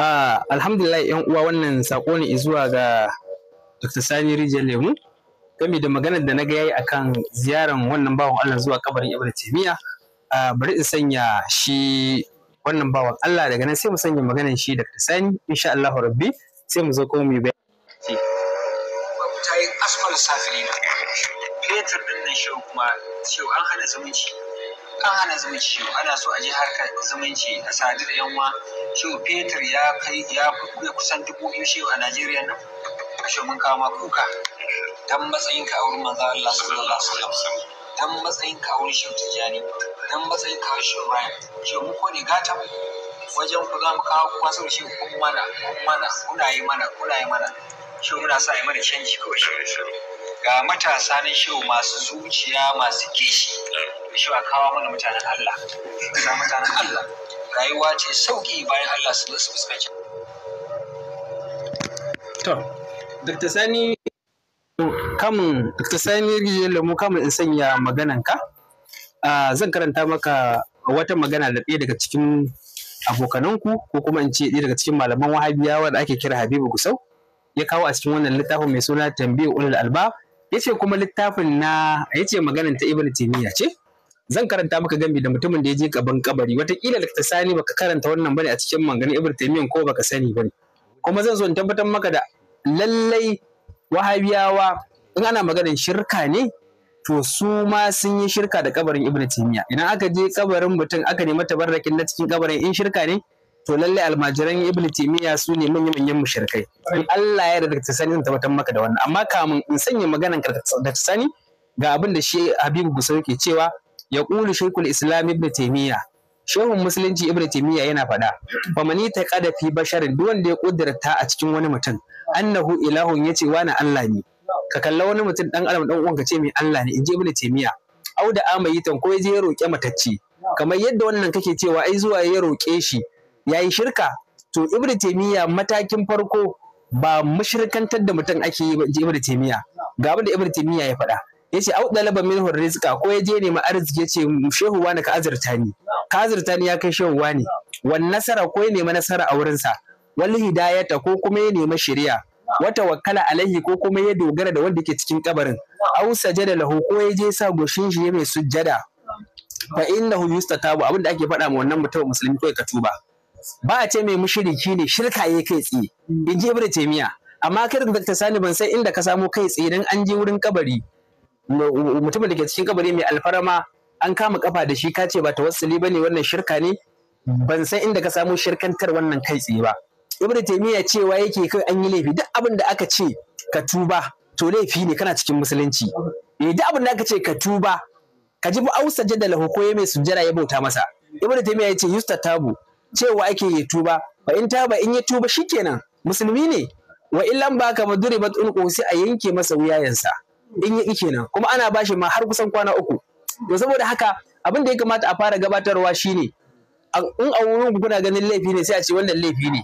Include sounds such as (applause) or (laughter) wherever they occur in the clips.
Uh, alhamdulillah yan uwa wannan sako ne zuwa ga Dr. Sani Rijiyar Lemu game da maganar da na ga yayi akan ziyaran wannan bawan Allah zuwa kabarin Ibn Taymiyyah uh, bari in sanya shi wannan bawan Allah daga nan sai mu sanya maganar shi Dr. Sani insha Allah rabbi sai mu zo kuma mu bayani ta yi asfal safirina fetur din nan shi kuma shi an hana zumunci an hana zumunci ana so a je harkar zumunci a sadu da yanwa shehu fetur ya kai ya kusan dubu biyu shiwu a najeriya nan a mun kama kuka dan matsayin ka auren manzo Allah sallallahu alaihi wasallam dan matsayin ka auren shiwu tijani dan matsayin ka auren shiwu ryan shiwu mu ko ne gata wajen ku za mu kawo kuma sau shi kun mana kun mana kuna yi mana kuna yi mana shi muna sa yi mana canji kawai shiwu ga matasa na shehu masu zuciya masu kishi shi a kawo mana mutanen Allah ga mutanen Allah rayuwa ce sauki bayan Allah su su fuskanci to Dr. Sani kamun Dr. Sani Rijiyar mu kamun in sanya magananka zan karanta maka wata magana da ɗaya daga cikin abokananku ko kuma in ce ɗaya daga cikin malaman wahabiyawa da ake kira Habibu Gusau ya kawo a cikin wannan littafin mai suna tambayi ulul albab yace kuma littafin na yace maganar ta Ibn timiya ce zan karanta maka gambi da mutumin da ya je gaban kabari wataƙila sani baka karanta wannan bane a cikin maganar Ibn timiya ko baka sani bane kuma zan so in tabbatar maka da lallai wahabiyawa in ana maganar shirka ne to su ma sun yi shirka da kabarin Ibn timiya idan aka je kabarin mutum aka nemi tabarrakin na cikin kabarin in shirka ne to lalle almajiran ibn timiya su ne manyan manyan mushrikai in Allah ya yarda ta sani zan tabbatar maka da wannan amma kamun in sanya magana ka da ta sani ga abin da shi Habibu Gusau ke cewa ya qulu shaykhul islam ibn timiya shehun musulunci ibn timiya yana faɗa fa mani ta qada fi basharin duk wanda ya kudirta a cikin wani mutum annahu ilahun yace wani Allah ne ka kalla wani mutum dan adam dan uwan ka ce mai Allah ne inji ibn timiya au da amayitan ko ya je ya roƙe matacce kamar yadda wannan kake cewa ai zuwa ya roƙe shi Ya yi shirka to ibn taimiyya matakin farko ba mushrikantar da mutum ake yi ba ga abin da ibn taimiyya ya faɗa yace au dalaba minhu rizqa ko ya je ma arziki ya ce shehu wani ka azurta ni ka azurta ni ya kai shehu wani nasara ko ya nema nasara a wurin sa wal hidayata ko kuma ya nema shari'a wata wakala alaihi ko kuma ya dogara da wanda ke cikin kabarin au sajada lahu ko ya je sa goshin shi mai sujjada fa innahu yustatabu abin da ake faɗa ma wannan mutum musulmi kai ka tuba ba a ce mai mushiriki ne shirka ya kai tsaye in je ibra taimiya amma kai da Dr. Sani ban san inda ka samo kai tsaye dan an je wurin kabari mutumin da ke cikin kabari mai alfarama an kama kafa da shi ka ce ba tawassuli bane wannan shirka ne ban san inda ka samo shirkantar wannan kai tsaye ba Ibn Taymiyyah cewa yake kai an yi laifi duk abin da aka ce ka tuba to laifi ne kana cikin musulunci eh duk abin da aka ce ka tuba ka ji bu ausa jadala ko mai sujjara ya bauta masa ya ce yusta yustatabu cewa ake ya tuba fa in taba in ya tuba shikenan musulmi ne wa illan baka maduribat ulqu sai a yanke masa wuyayensa in yi kenan kuma ana bashi ma har kusan kwana uku to saboda haka abin da ya kamata a fara gabatarwa shine in a wurin ku kuna ganin laifi ne sai a ce wannan laifi ne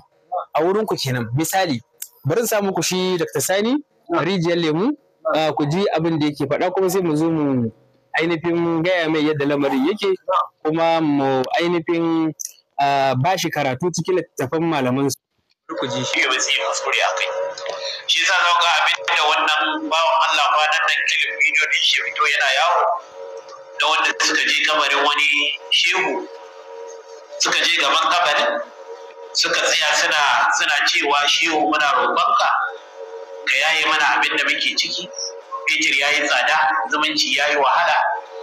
a wurin ku kenan misali bari in samu ku shi Dr. Sani rijiyar lemu ah, ku ji abin da yake faɗa kuma sai mu zo mu ainihin gaya mai yadda lamarin yake kuma mu ainihin Ah, ba shi karatu cikin littattafan malaman su. Ku ji shi ba zai a kai. Shi yasa za ga abin da wannan bawan Allah kwanan nan kilin bidiyo din shi fito yana yawo da wanda suka je kamarin wani shehu suka je gaban kabarin suka tsaya suna suna cewa shehu muna roƙonka ka yaye mana abin da muke ciki fetur ya yi tsada zumunci ya yi wahala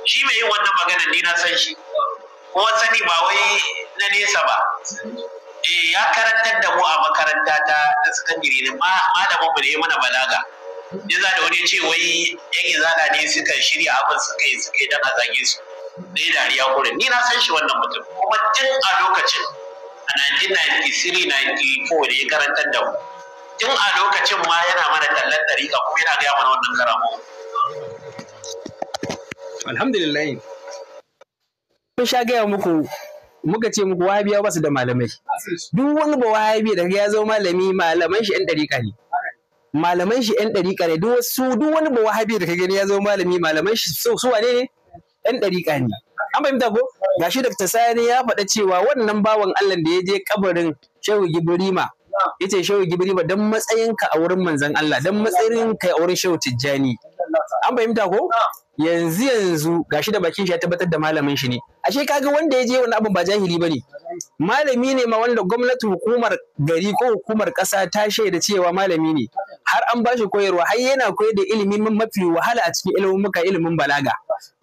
shi mai yin wannan magana ni na san shi kuma sani ba wai na nesa ba eh ya karantar da mu a makaranta ta ta sakandare ne malamin mu ne mana balaga Yanzu da wani ce wai yan izala ne suka shirya abin suka yi suka yi dan azage su dai dariya gure ni na san shi wannan mutum kuma tun a lokacin a 1993 94 da ya karantar da mu tun a lokacin ma yana mana tallan dariƙa kuma yana gaya mana wannan karamo. alhamdulillah mun sha gaya muku muka ce muku wahabiya ba su da malamai duk wani ba wahabi da ya zama malami malaman shi ɗan ɗariƙa ne malaman shi ɗan ɗariƙa ne duk su duk wani ba wahabi da ka gani ya zama malami malaman shi su wane ne ɗan ɗariƙa ne an fahimta ko gashi Dr. Sani ya faɗa cewa wannan bawan Allah da ya je kabarin Shehu Gibrima yace Shehu Gibrima dan matsayinka a wurin manzon Allah dan matsayinka a wurin Shehu Tijjani an fahimta ko yanzu yanzu gashi da bakin shi ya tabbatar da malamin shi ne ashe kaga wanda ya je wani abu ba jahili bane malami ne ma wanda gwamnati hukumar gari ko hukumar kasa ta shaida cewa malami ne har an bashi koyarwa har yana koyar da ilimi mafi wahala a cikin ilimin muka ilimin balaga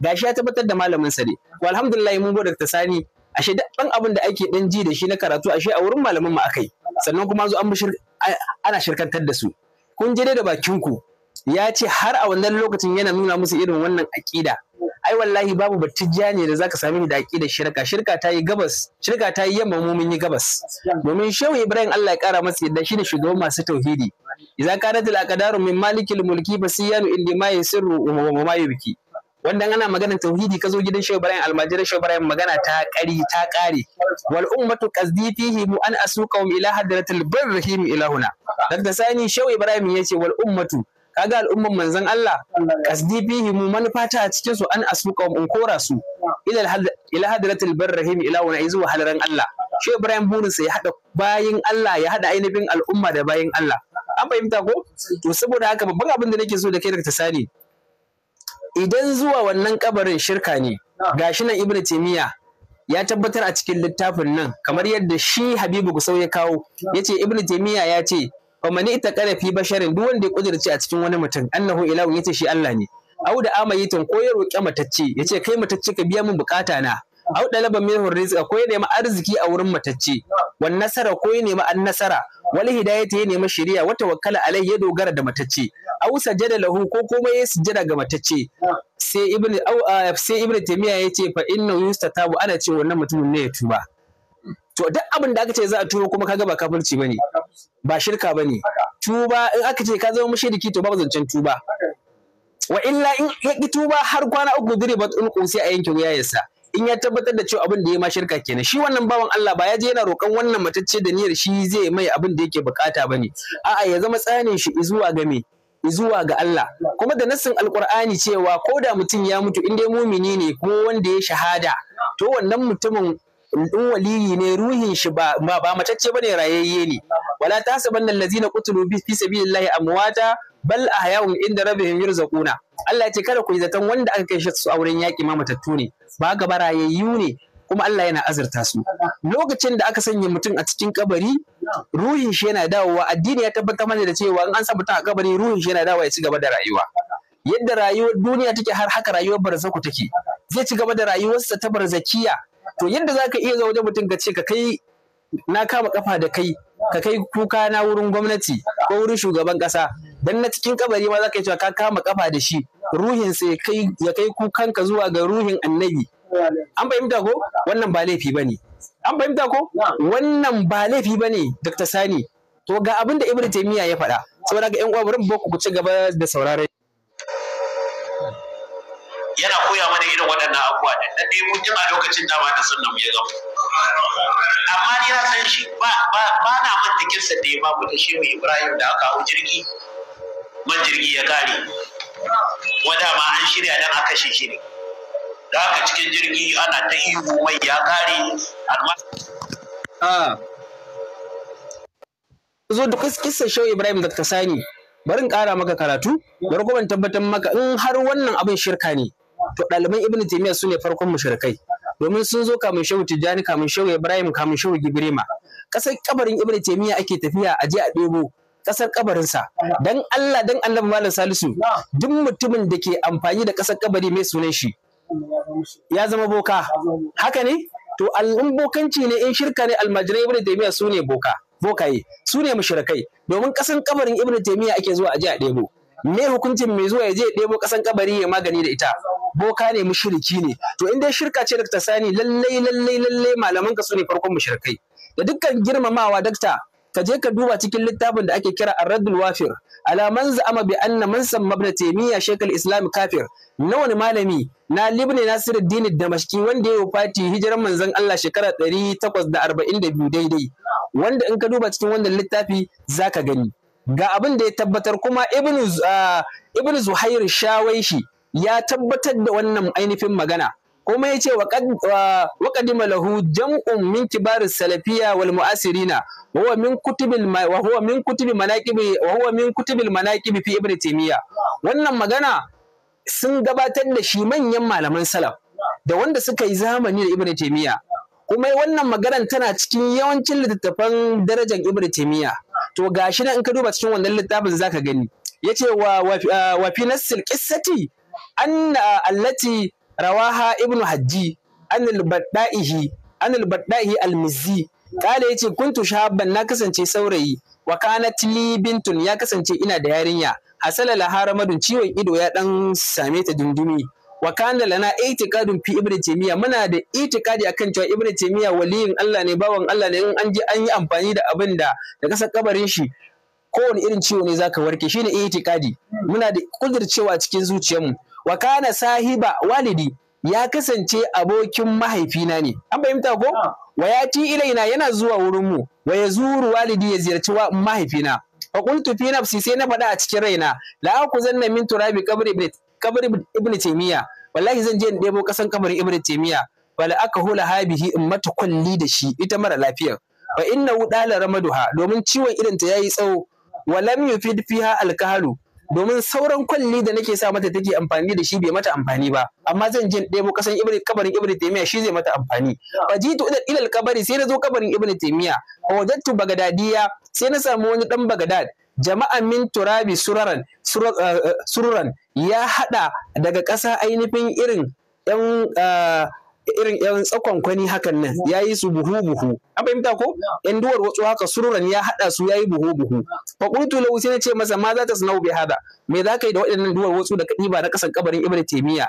gashi ya tabbatar da malamin sa ne alhamdulillah mun gode ta sani ashe duk ɗan abin da ake ɗan ji da shi na karatu ashe a wurin malaman mu akai sannan kuma zo an ana shirkantar da su kun je dai da bakin ku ya ce har a wannan lokacin yana nuna musu irin wannan aƙida ai wallahi babu batijja ne da zaka sami da aƙida shirka shirka ta yi gabas shirka ta yi yamma mu yi gabas domin shehu ibrahim Allah ya kara masa yadda shi da shugaban masu tauhidi ka da alqadaru min malikil mulki basiyanu indi ma yasirru wa ma yubki wannan ana maganar tauhidi ka zo gidan shehu ibrahim almajiri shehu ibrahim magana ta ƙari ta ƙare wal ummatu qazdi fihi mu an asuqahum ila hadratil birrihim ilahuna dan da sani shehu ibrahim yace wal ummatu kaga al'umman manzon Allah kasdi bihi mu manufata a cikin su an asuka in kora su ila ila hadratil barrahim ila wa izu halran Allah shi Ibrahim burin sa ya hada bayin Allah ya hada ainihin al'umma da bayin Allah an fahimta ko to saboda haka babban abin da nake so da kai ta sani idan zuwa wannan kabarin shirka ne gashi nan Ibn Taymiyyah ya tabbatar a cikin littafin nan kamar yadda shi Habibu Gusau ya kawo yace Ibn Taymiyyah ya ce fa ita itaqara fi basharin duk wanda ya kudirce a cikin wani mutum annahu ilahu yace shi Allah ne au da amayitin ko ya ce matacce yace kai matacce ka biya min bukata na au dalaba minhu rizqa ko ya nemi arziki a wurin matacce wan nasara ko ya nemi annasara wal hidayata ya nemi shari'a wa tawakkala alai ya dogara da matacce au sajada lahu ko komai ya sujjada ga matacce sai ibnu au sai ibnu taymiya yace fa inna yustatabu ana ce wannan mutumin ne ya tuba to duk abin da aka ce za a turo kuma kaga ba kafirci bane ba shirka ba ne tuba in aka ce ka zama mashiriki to babu zancen tuba wa illa in ya ƙi tuba har kwana uku zuri ba tsulqu sai a yanke yasa in ya tabbatar da cewa abin da ya ma shirka kenan shi wannan bawan Allah ba ya je yana roƙon wannan matacce da niyyar shi zai mai abin da yake bukata ne. a'a ya zama tsanin shi zuwa ga me zuwa ga Allah kuma da nassin Alƙur'ani cewa ko da mutum ya mutu in dai mumini ne ko wanda ya shahada to wannan mutumin in waliyi ne ruhin shi ba ba matacce bane rayayye ne wala tahsabanna allazina qutilu fi sabilillahi amwata bal ahya'un inda rabbihim yurzaquna Allah ya ce kada ku yi zaton wanda aka kai shi su auren yaki ma matattu ne ba gaba rayayyu ne kuma Allah yana azurta su lokacin da aka sanya mutum a cikin kabari ruhin shi yana dawowa addini ya tabbatar mana da cewa in an sa mutum a kabari ruhin shi yana dawowa ya ci gaba da rayuwa yadda rayuwar duniya take har haka rayuwar barzaku take zai ci gaba da rayuwarsa ta barzakiya to yadda za ka iya zaune wajen mutum ka ce ka kai na kama kafa da kai ka kai kuka na wurin gwamnati ko wurin shugaban kasa dan na cikin kabari ma za ka yi cewa ka kama kafa da shi ruhin sai kai ya kai kukanka zuwa ga ruhin annabi an fahimta ko wannan ba laifi bane an fahimta ko wannan ba laifi bane Dr. Sani to ga abin da ibnu taymiya ya faɗa saboda ga 'yan uwa bari mu ku ci gaba da sauraron yana koya mana irin waɗannan abubuwa da na ɗaya mun jima lokacin dama da sunan mu ya zama amma ni na san shi ba na manta kinsa da ya mu da shi mu ibrahim da aka hau jirgi man jirgi ya kare wanda ma an shirya don aka shi shi ne da haka cikin jirgi ana ta ihu mai ya kare alma ah. zo duk kisa shau ibrahim da ka sani bari in ƙara maka karatu bari kuma tabbatar maka in har wannan abin shirka ne to ɗaliban ibnu taymiya su ne farkon mushrikai domin sun zo kamun shehu tijjani kamun shehu ibrahim kamun shehu gibrima kasar kabarin ibnu ake tafiya a je a ɗebo kasar kabarinsa dan Allah dan annabi malam salisu duk mutumin da ke amfani da kasar kabari mai sunan shi ya zama boka haka ne to al'un bokanci ne in shirka ne almajirai ibnu taymiya su ne boka bokaye su ne mushrikai domin kasan kabarin ibnu ake zuwa je a ɗebo me hukuncin mai zuwa ya je ɗebo kasan kabari ya magani da ita boka ne mushiriki ne to in dai shirka ce dakta sani lallai lallai lallai malaman ka su ne farkon mushrikai da dukkan girmamawa dakta ka je ka duba cikin littafin da ake kira ar-raddul wafir ala man za'ama bi anna man samma ibn taymiya shaykh islam kafir na wani malami na libni nasiruddin damashki wanda ya wafati hijiran manzon Allah shekara 842 daidai wanda in ka duba cikin wannan littafi zaka gani ga abin da ya tabbatar kuma ibnu ah, ibn zuhair shawaishi ya tabbatar da wannan ainihin magana kuma ya ce wa qadima lahu jam'un min kibar salafiya wal mu'asirina wa huwa min kutubil fi taymiya wannan magana sun gabatar da shi manyan malaman salaf da wanda suka yi zamani da ibnu taymiya kuma wannan maganar tana cikin yawancin littattafan darajar ibnu taymiya to gashi na in ka duba cikin wannan littafin zaka gani ya ce wa fi nassil qissati anna allati rawaha ibnu hajji an al almizi an al-baddaihi kale yace kuntu shahabban na kasance saurayi wa kanat li bintun ya kasance ina da yarinya hasala laha ramadun ciwon ido ya ɗan same ta dundumi wa kana lana itiqadun fi ibnu taymiya muna da a akan cewa ibnu taymiya waliyin Allah ne bawan Allah ne in an je an yi amfani da abin da da kasa kabarin shi kowane irin ciwo ne zaka warke shine itiqadi muna da kudur cewa cikin zuciyarmu wa kana sahiba walidi ya kasance abokin mahaifina ne an fahimta ko ah. wa yati ilaina yana zuwa wurin mu wa yazuru walidi ya ziyarci mahaifina fa qultu fi nafsi sai na faɗa a cikin raina la zanna min turabi qabri ibn qabri ibn taymiya wallahi zan je in debo kasan kabarin ibn taymiya bal aka hula habihi in mata kulli da shi ita mara lafiyar wa inna wudala ramaduha domin ciwon irin ta yayi tsawo wa lam yufid fiha alkahalu domin sauran kwalli da nake sa mata take amfani da shi bai mata amfani ba amma zan jin ɗebo kasan Ibrahim kabarin Ibrahim taimiya shi zai mata amfani fajitu ila ilal kabari sai na zo kabarin ibn taymiya wajadtu bagadadiya sai na samu wani dan bagadad jama'a min turabi suraran eh, eh, sururan ya haɗa daga ƙasa ainihin irin yan eh, irin yan tsakon kwani hakan nan ya yi su buhu buhu an fahimta ko yan duwar wasu haka sururan ya haɗa su ya yi buhu buhu fakultu qultu lahu sai ce masa ma za ta sanau bi hada me za ka yi da waɗannan duwar wasu da ba na kasan kabarin ibnu taymiya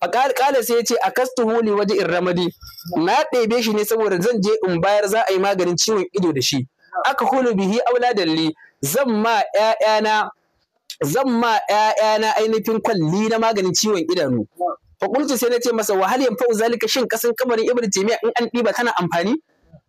faƙal ƙala sai ya ce a kastuhu li waje in ramadi na ɗebe shi ne saboda zan je in bayar za a yi maganin ciwon ido da shi aka hulu bihi aula li zan ma ƴaƴana zan ma ƴaƴana ainihin kwalli na maganin ciwon idanu fakultu sai na ce masa wa hal yanfa'u shin kasan kabarin ibnu taymiya in an ɗiba tana amfani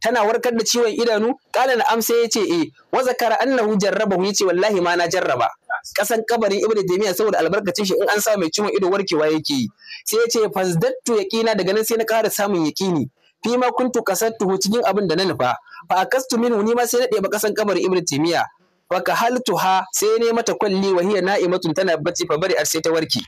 tana warkar da ciwon idanu qala na amsa yace eh wa zakara annahu jarrabahu yace wallahi ma na jarraba kasan kabarin ibnu taymiya saboda albarkacin shi in an sa mai ciwon ido warkewa yake yi sai yace fasdattu yaqina daga nan sai na ƙara samun yaqini fi ma kuntu kasattuhu cikin abin da na nufa fa akastu minhu ni ma sai na ɗeba kasan kabarin ibnu taymiya fa kahaltuha sai ne mata kwalli wa hiya na'imatun tana bacci fa bari sai ta warke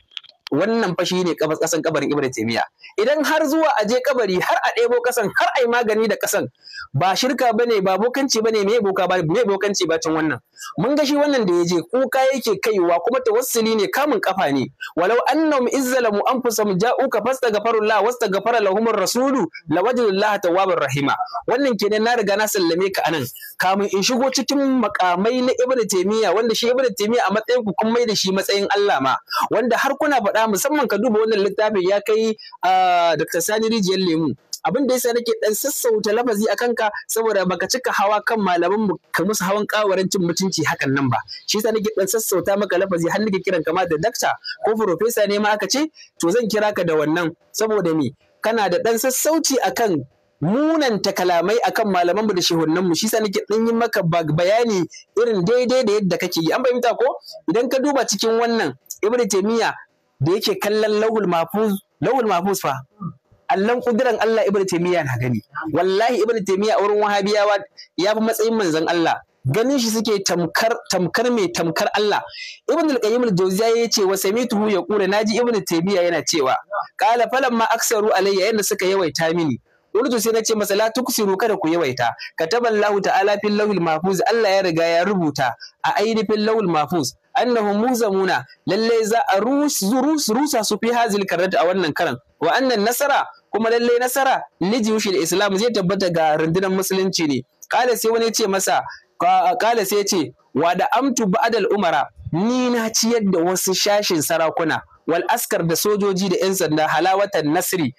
wannan fa shine kasan kabarin Ibn taymiya idan har zuwa aje kabari har a ɗebo kasan har a yi magani da kasan ba shirka bane ba bokanci bane me boka ba me bokanci ba tun wannan mun ga shi wannan da yaje kuka yake kaiwa kuma tawassuli ne kamun kafa ne walau annahum izzalamu anfusahum ja'uka fastaghfirullah wastaghfara lahumur rasulu lawajadullah tawwabur rahima wannan kenan na riga na sallame ka anan kamun in shigo cikin makamai na ibrahim taymiya wanda shi Ibn taymiya a matsayin ku kun mai da shi matsayin Allah ma wanda har kuna faɗa faɗa musamman ka duba wannan littafin ya kai ah, Dr. Sani Rijiyar Lemu. abin da ya yasa nake ɗan sassauta lafazi a kanka saboda baka cika hawa kan malaman mu ka musu hawan kawarancin mutunci hakan nan ba shi yasa nake dan sassauta maka lafazi har nake kiran ka da dakta ko professor ne ma aka ce to zan kira ka da wannan saboda me kana da ɗan sassauci akan munanta kalamai akan malaman mu da shehunan mu shi sa nake dan yi maka bayani irin daidai da yadda kake yi an fahimta ko idan ka duba cikin wannan ibnu taymiya da yake kallon lawul mafuz lawul mafuz fa allan kudiran Allah ibnu taymiya na gani wallahi ibnu taymiya a wurin wahabiyawa ya fi matsayin manzon Allah ganin shi suke tamkar tamkar mai tamkar Allah ibnu al-qayyim al-jawziya yace wa samituhu yaqulu naji ibnu taymiya yana cewa qala falamma aksaru alayya yanda suka yawaita mini urdu sai na ce masa la tuksiru kada ku yawaita lahu ta'ala fil lawhil mahfuz Allah ya riga ya rubuta a ainihin lawhil mahfuz annahum muzamuna lalle za a rusa su fi hazil karatu a wannan karan wa annan nasara kuma lalle nasara lijiyushil islam zai tabbata ga rundunar musulunci ne kala sai wani ce masa kala sai ce wa da amtu ba'dal umara ni na ciyar da wasu shashin sarakuna wal askar da sojoji da yan sanda halawatan nasri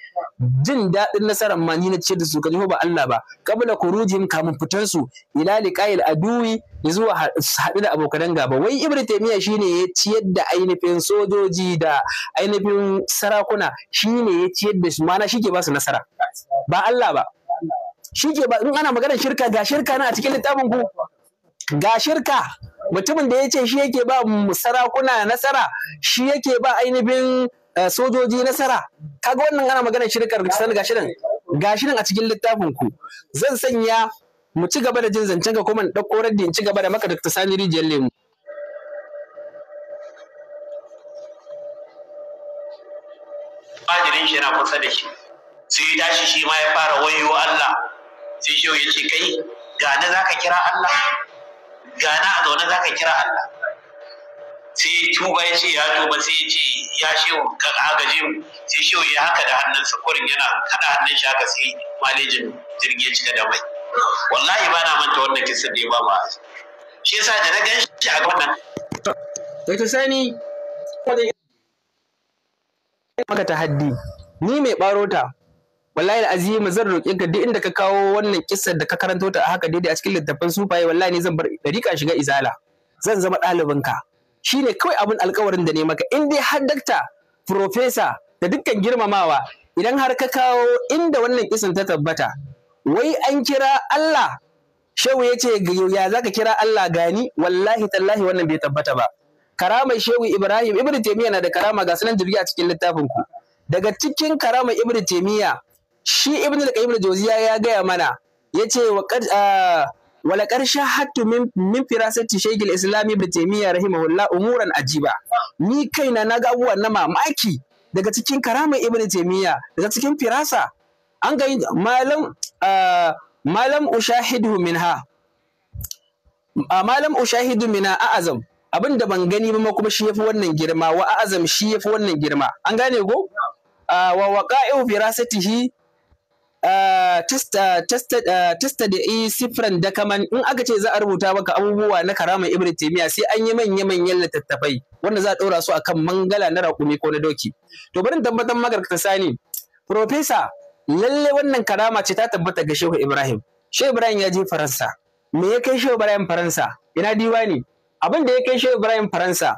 jin daɗin nasarar ma na ce da su ka ba Allah ba qabla kurujin kamun fitar su ila liqa'il aduwi zuwa haɗu da abokan gaba wai ibnu taymiya shine ya ciyar da ainihin sojoji da ainihin sarakuna shine ya ciyar da su mana shike ba su nasara ba Allah ba shike ba in ana maganar shirka ga shirka na a cikin littafin ku ga shirka mutumin da ya ce shi yake ba sarakuna nasara shi yake ba ainihin eh, sojoji nasara kaga wannan ana magana shirkar san ga nan ga nan a cikin littafin ku zan sanya mu ci gaba da jin zancen ka kuma ɗauko raddi in ci gaba da maka Dr. sami Rijiyar Lemu. Fajirin shi yana kusa da shi sai ya tashi shi ma ya fara wayo Allah sai shi ya ce kai ga na za ka kira Allah gana a zaune za ka kira Allah sai ya tuba ya ce ya tuba sai ya ce ya shehu kan agaje mu sai shehu ya haka da hannun kurin yana kada hannun shi haka sai malejin jirgi ya cika da mai wallahi ba na manta wannan kisa da ya ba ma shi yasa da na gan shi a wannan Dr. Sani, maka ta haddi, ni mai ɓarota wallahi azim zan roƙe ka duk inda ka kawo wannan kissar da ka karanto ta haka daidai a cikin littafin sufaye wallahi ne zan bar dariƙa shiga izala zan zama ɗalibin ka shine kawai abin alƙawarin da ne maka in dai har dakta profesa da dukkan girmamawa idan har ka kawo inda wannan kisan ta tabbata wai an kira Allah shehu ya ce ya zaka kira Allah gani wallahi tallahi wannan bai tabbata ba karamar shehu Ibrahim Ibn Taymiyyah na da karama ga sunan jirgi a cikin littafin ku daga cikin karamar Ibn Taymiyyah shi ibn al-qayyim al-jawziya ya gaya mana yace wa qad ah, wala karshen hattu min min firasati shaykh al-islam ibn taymiyyah rahimahullah umuran ajiba ni kaina naga abubuwa na mamaki daga cikin karama ibn taymiyyah daga cikin firasa an ga malam ah, ah, malam ushahidu minha malam ushahidu mina a'azam abin da ban gani ba kuma shi yafi wannan girma wa a'azam shi yafi wannan girma an gane ko wa waqa'i firasatihi Testa tastadi siffran da kaman in aka ce za a rubuta maka abubuwa na karamar ibrahim taimiya sai an yi manya manyan littattafai wanda za a ɗora su akan mangala na raƙumi ko na doki to bari tabbatar maka ta sani profesa lalle wannan karama ce ta tabbata ga shehu ibrahim shehu ibrahim ya je faransa me ya kai shehu ibrahim faransa ina diwani abin da ya kai shehu ibrahim faransa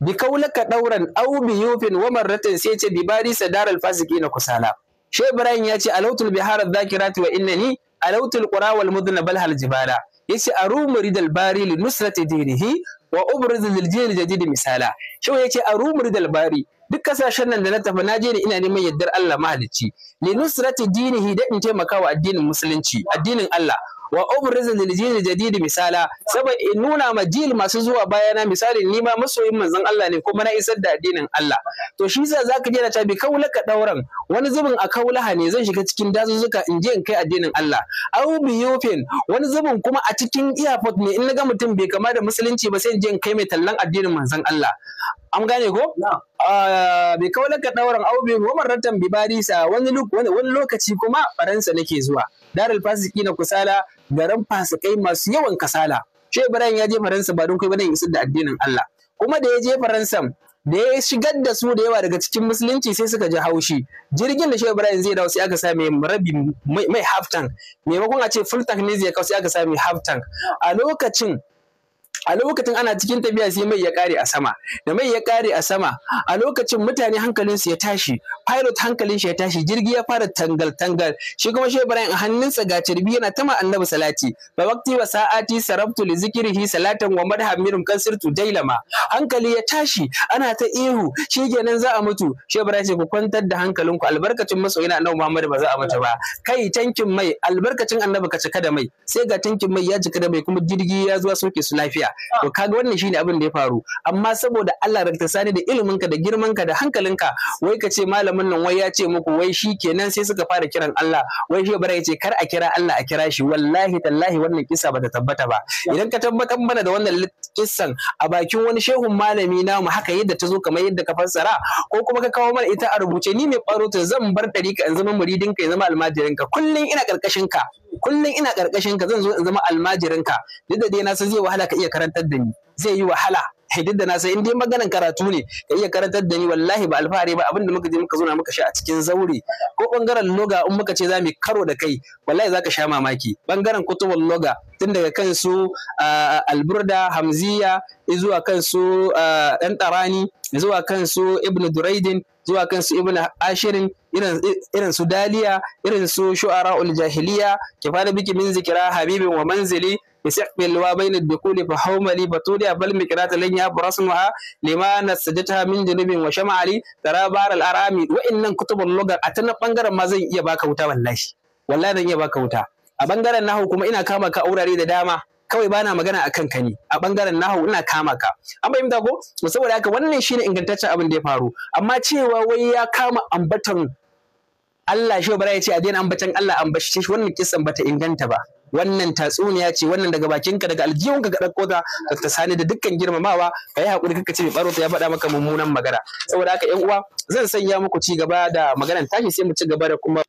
bi kaulaka ka au bi yufin wa marratin sai ce bi bari daral fasiki na kusala shi ibrahim ya ce alautul bihar dhakirati wa Inna ni, alautul qura wal mudna bal hal jibala yace arumu bari li nusrati dinihi wa ubriz lil jil jadid misala shi yace arumu ridal bari duk kasashen nan da na tafi na je ne ina neman yardar Allah mahalicci li nusrati dinihi da in taimakawa addinin musulunci addinin Allah wa ubrizin liljil jadidi misala saboda in nuna ma jil masu zuwa bayana misalin ni ma masoyin manzon Allah ne kuma na isar da addinin Allah to shi yasa zaka je na ta bi kaulaka dauran wani zubin a kaulaha ne zan shiga cikin dazuzzuka in je in kai addinin Allah au yufin wani zubin kuma a cikin airport ne in naga mutum bai kama da musulunci ba sai in je in kai mai tallan addinin manzon Allah an gane ko bai ah, kaulaka abu aube Umar rantan bi barisa wani lokaci kuma faransa nake zuwa darul fasiki na kusala garin fasikai masu yawan kasala shi Ibrahim ya je faransa ba don kai bane isar da addinin Allah kuma da ya je faransa da ya shigar da su da yawa daga cikin musulunci sai suka ji haushi jirgin da shehu ibrahim zai dawo sai aka sami rabi mai half tank maimakon a ce full tank ne zai kawo sai aka mai half tank a lokacin a lokacin ana cikin tafiya sai mai ya kare a sama da mai ya kare a sama a lokacin mutane hankalinsu ya tashi pilot hankalin shi ya tashi jirgi ya fara tangal tangal shi kuma shi bara a hannunsa ga carbi yana tama annabi salati Ba waqti wa sa'ati sarabtu li zikrihi salatan wa madha mirum kansirtu dailama hankali ya tashi ana ta ihu shi kenan za a mutu shi bara ce ku kwantar da hankalinku albarkacin masoyina annabi Muhammad ba za a mutu ba kai tankin mai albarkacin annabi ka cika da mai sai ga tankin mai ya cika da mai kuma jirgi ya zuwa soke su lafiya lafiya ah. to kaga wannan shine abin da ya faru amma saboda Allah rakta sani da iliminka da ka, da hankalinka wai ka ce malamin nan wai ya ce muku wai shi kenan sai suka fara kiran Allah wai shi bara ya ce kar a kira Allah a kira shi wallahi tallahi wannan kisa bata tabbata ba idan ka tabbatar mana da wannan kissan a bakin wani shehun malami namu haka yadda ta zo kamar yadda ka fassara ko kuma ka kawo mana ita a rubuce ni mai baro ta zan bar dari ka in zama muridin ka in zama almajirin ka kullun ina karkashin ka kullun ina karkashin ka zan zo in zama almajirin ka duk da dai na san zai wahala ka iya karantar da ni zai yi wahala duk da nasa san in dai maganan karatu ne ka iya karantar da ni wallahi ba alfahari ba abinda muka je muka zo muka sha a cikin zaure ko bangaren loga in muka ce za mu karo da kai wallahi za ka sha mamaki bangaren kutubul loga tun daga kan su alburda hamziya zuwa kan su dan tarani zuwa kan su ibnu duraidin zuwa kan su ibnu ashirin irin su daliya irin su shu'ara ul jahiliya kifada biki min zikira habibin wa manzili bisaqbil wa bayna dukuli fa hawma li batuli bal mikrata lan ya burasmuha liman sajadatha min janibin wa shamali tara bar al arami wa inna kutub al lugha atana bangara ma zan iya baka wuta wallahi wallahi zan iya baka wuta a bangaren nahu kuma ina kama ka aurare da dama kawai bana magana akan ka ne a bangaran nahu ina kama ka amma imda go saboda haka wannan shine ingantaccen abin da ya faru amma cewa wai ya kama ambatan Allah shi ya ce a dena ambatan Allah ambashi shi wannan kissan bata inganta ba wannan tatsuniya ce wannan daga bakinka daga aljihunka ka ɗauko ta Dr. Sani da dukkan girmamawa ka yi haƙuri kaka ce mai ɓaro ya faɗa maka mummunan magana saboda haka ƴan uwa zan sanya muku ci gaba da magana tashi sai mu ci gaba da kuma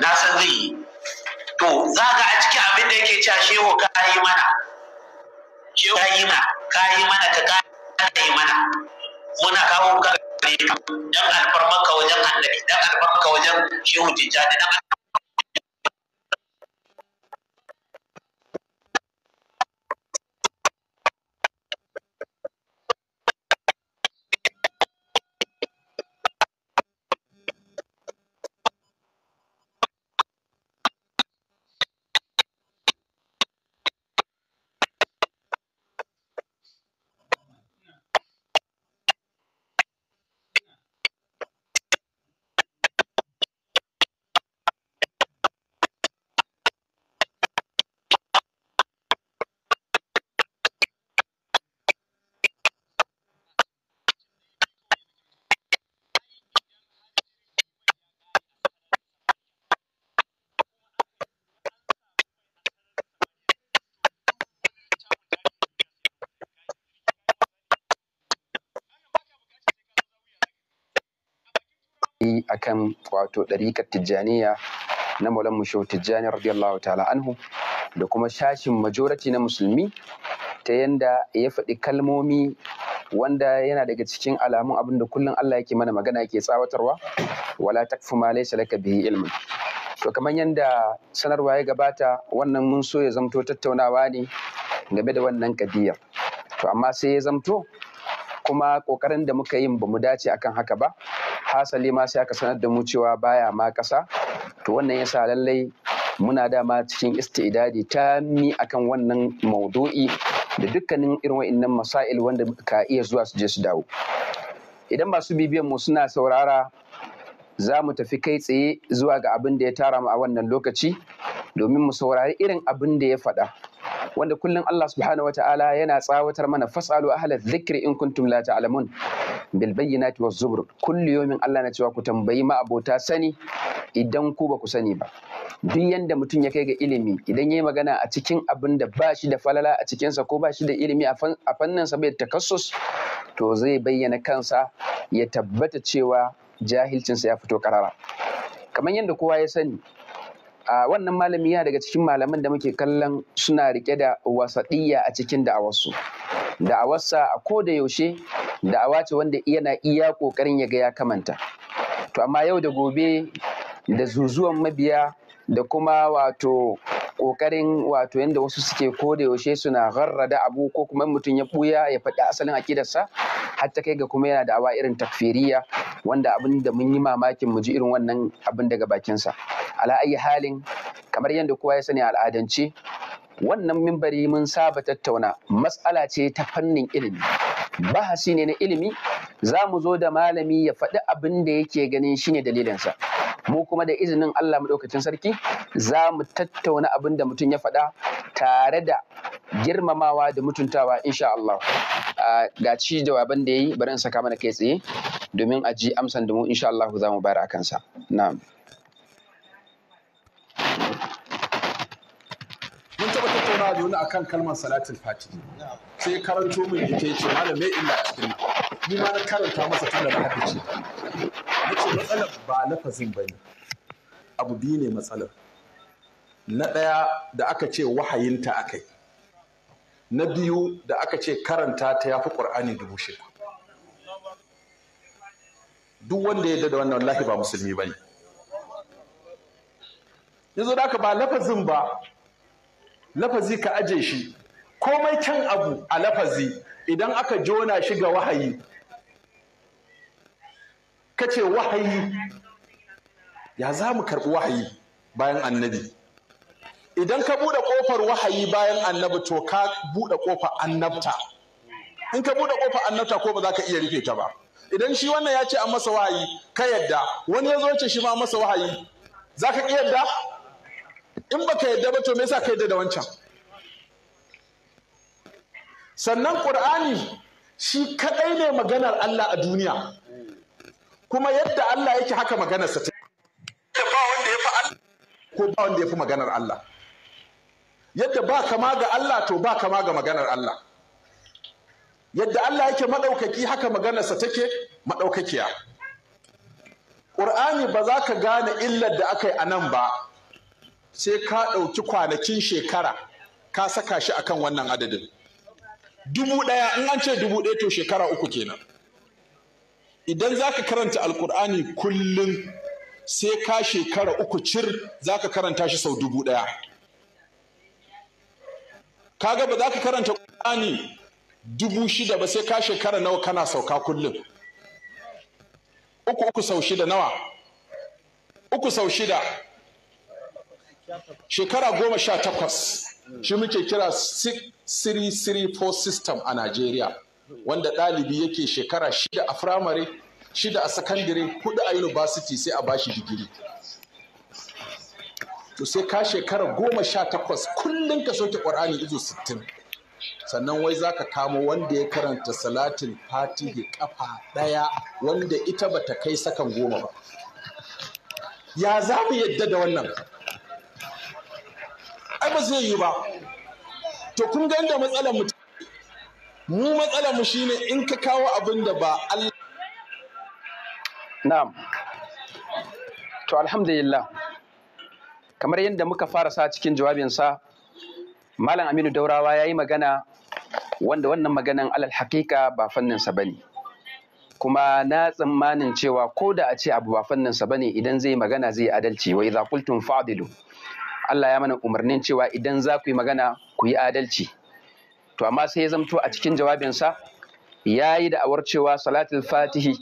na san zai yi to za ga a cikin abin da yake cewa shehu ka yi mana shehu ka yi mana ka yi mana ka yi mana muna kawo ka gare dan ka wajen annabi dan ka wajen shehu tijjani dan akan wato ɗarikar tijjaniya na maulan musho tijjani radiyallahu ta'ala anhu da kuma shashin majority na musulmi ta yanda ya faɗi kalmomi wanda yana daga cikin alamun abin da kullum Allah yake mana magana yake tsawatarwa wala takfu ma laysa laka bihi ilmun to kamar yanda sanarwa ya gabata wannan mun so ya zamto tattaunawa ne game da wannan kadiyar to amma sai ya zamto kuma kokarin da muka yi bamu dace akan haka ba hasali ma sai aka sanar da mu cewa baya ma kasa to wannan yasa lallai muna dama cikin istidadi ta mi akan wannan maudu'i da dukkanin irin wa'annan masail wanda ka iya zuwa su je su dawo idan masu bibiyan mu suna saurara za mu tafi kai tsaye zuwa ga abin da ya tara mu a wannan lokaci domin mu saurari irin abin da ya faɗa wanda kullum Allah subhanahu wataala yana tsawatar mana fasalu ahla dhikri in kuntum la ta'lamun bil bayyinati waz zubur kullu yawmin Allah na cewa ku tambayi ma abota sani idan ku ba ku sani ba duk yadda mutum ya kai ga ilimi idan ya yi magana a cikin abin da ba shi da falala a cikinsa ko ba shi da ilimi a fannin sa bai takassus to zai bayyana kansa ya tabbata cewa jahilcinsa ya fito karara kamar yadda kowa ya sani a wannan malami yana daga cikin malaman da muke kallon suna rike da wasaɗiyya a cikin da'awarsu da'awarsa a ko da yaushe da'awa ce wanda yana iya ƙoƙarin ya ga ya kamanta to amma yau da gobe da zuzuwan mabiya da kuma wato kokarin wato yadda wasu suke koda yaushe suna garra da abu ko kuma mutum ya buya ya faɗi asalin akidarsa har ta kai ga kuma yana da awa irin takfiriya wanda abin da mun yi mamakin mu ji irin wannan abin daga bakinsa ala ayi halin kamar yadda kowa ya sani al'adance wannan mimbari mun saba tattauna matsala ce ta fannin ilimi bahasi ne na ilimi za mu zo da malami ya faɗi abin da yake ganin shine dalilinsa mu kuma da izinin Allah maɗaukacin sarki za mu tattauna abin da mutum ya faɗa tare da girmamawa da mutuntawa insha Allah ga ci jawaban da ya yayi bari in saka mana kai tsaye domin a ji amsan da mu insha Allah za mu bayar a kansa na'am da wani akan kalmar salatin fati sai karanto min ita yace malam me illa cikin ni ma na karanta masa da na hadice ce matsalar ba lafazin ne abu biyu ne matsalar na ɗaya da aka ce wahayinta a kai na biyu da aka ce karanta ta yafi qur'ani dubu shida duk wanda ya da wannan wallahi ba musulmi ne yanzu da aka ba lafazin ba lafazi ka aje shi komai can abu a lafazi idan aka jona shi ga wahayi ka ce wahayi ya za mu karɓi wahayi bayan annabi idan ka buɗe ƙofar wahayi bayan annabi to ka buɗe ƙofar annabta in ka buɗe ƙofar annabta ko ba za ka iya rufe ta ba idan shi wannan ya ce a masa wahayi ka yadda wani ya zo ce shi ma masa wahayi za ka ƙi yadda in baka yadda ba to me yasa ka yadda da wancan sannan qur'ani shi kadai ne maganar Allah a duniya kuma yadda Allah yake haka maganarsa ta ba wanda ya fi ko ba wanda ya fi maganar Allah yadda ba kama ga Allah to ba kama ga maganar Allah yadda Allah yake maɗaukaki haka maganarsa take maɗaukakiya ƙur'ani ba za ka gane illar da aka yi a nan ba sai ka ɗauki kwanakin shekara ka saka shi akan wannan adadin dubu ɗaya in an ce dubu ɗaya to shekara uku kenan idan za ka karanta alkur'ani kullum sai ka shekara uku cir za ka karanta shi sau dubu ɗaya kaga ba za ka karanta ƙur'ani dubu shida ba sai ka shekara nawa kana sauka kullum uku uku sau shida nawa uku sau shida shekara goma sha takwas shi muke kira 6334 system a Najeriya wanda ɗalibi yake shekara shida a firamare shida a sakandare hudu a university sai a bashi digiri to sai ka shekara goma sha takwas kullum ka soke ƙwar'ani izo sittin sannan wai za ka kamo wanda ya karanta salatin fatihi kafa ɗaya wanda ita bata kai sakan goma ba ya za mu yadda da wannan ai ba zai yi ba to kun ga inda matsalar mu mu matsalar mu shine in ka kawo abin da ba Allah na'am to alhamdulillah kamar yadda muka fara sa cikin jawabinsa malam aminu daurawa ya yi magana wanda wannan maganan alal hakika ba fanninsa ba ne kuma na tsammanin cewa ko da a ce abu ba fanninsa ba ne idan zai magana zai adalci wa idza qultum fa'dilu Allah ya mana umarnin cewa idan za ku yi magana ku yi adalci to amma sai ya zamto a cikin jawabinsa ya yi da'awar cewa salatul fatihi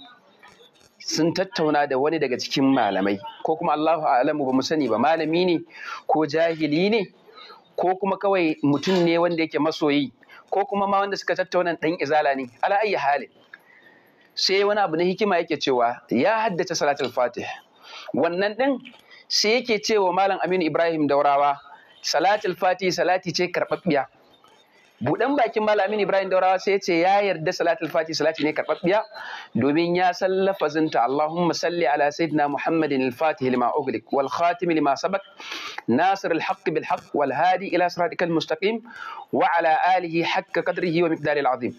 sun tattauna da wani daga cikin malamai ko kuma Allahu a'lamu ba mu sani ba malami ne ko jahili ne ko kuma kawai mutum ne wanda yake masoyi ko kuma ma wanda suka tattauna dan izala ne ala ayi halin sai wani abu na hikima yake cewa ya haddace salatul fatih wannan din sai yake cewa malam aminu ibrahim daurawa salatul fati salati ce karɓaɓɓiya buɗan bakin malam aminu ibrahim daurawa sai ce ya yarda salatul fati salati ne karɓaɓɓiya domin ya san lafazinta allahumma salli ala sayyidina muhammadin al-fatih lima ughliq wal khatim lima sabaq nasir al-haqq bil haqq wal hadi ila siratikal mustaqim wa ala alihi haqqa qadrihi wa miqdaril azim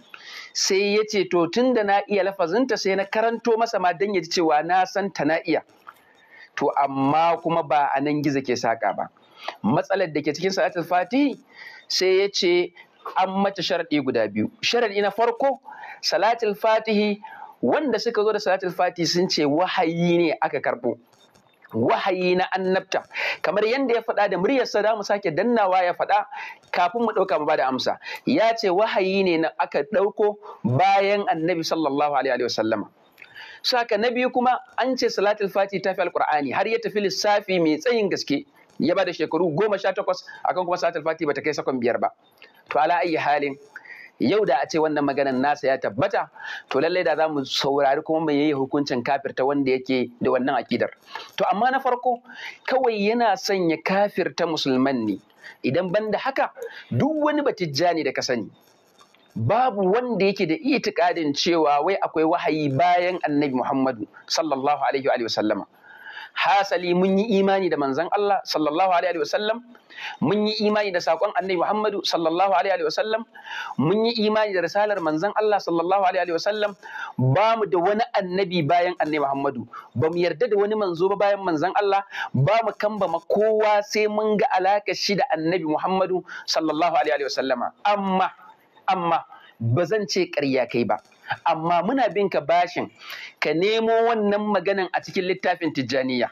sai yace to tunda na iya lafazinta sai na karanto masa ma dan yaji cewa na san ta na iya to amma kuma ba a nan gizo ke saƙa ba matsalar da ke cikin salatul fati sai ya ce an mata sharaɗi guda biyu sharaɗi na farko salatul fatihi wanda suka zo da salatul fatihi sun ce wahayi ne aka karɓo wahayi na annabta kamar yadda ya faɗa da muryar sa mu sake dannawa ya faɗa kafin mu ɗauka mu bada amsa ya ce wahayi ne na aka ɗauko bayan annabi sallallahu alaihi wasallama saka na biyu kuma an ce salatul fati ta fi alqur'ani har ya tafi lissafi mai tsayin gaske ya bada shekaru goma sha takwas akan kuma salatul fati bata kai sakon biyar ba to ala ayi halin yau da a ce wannan maganan nasa ya tabbata to lallai da za mu saurari kuma mai yayi hukuncin kafirta wanda yake da wannan akidar to amma na farko kawai yana sanya kafirta musulman ne idan banda haka duk wani batijja ne da ka sani babu wanda yake da itikadin cewa wai akwai wahayi bayan annabi Muhammadu sallallahu alaihi wa sallama hasali mun yi imani da manzon Allah sallallahu alaihi wa sallam mun yi imani da sakon annabi Muhammadu sallallahu alaihi wa sallam mun yi imani da risalar manzon Allah sallallahu alaihi wa sallam ba mu da wani annabi bayan annabi Muhammadu ba mu yarda da wani manzo ba bayan manzon Allah ba mu kambama kowa sai mun ga alaka shi da annabi Muhammadu sallallahu alaihi wa sallama amma amma ba zan ce ƙarya kai ba amma muna bin ka bashin ka nemo wannan maganan a cikin littafin tijjaniya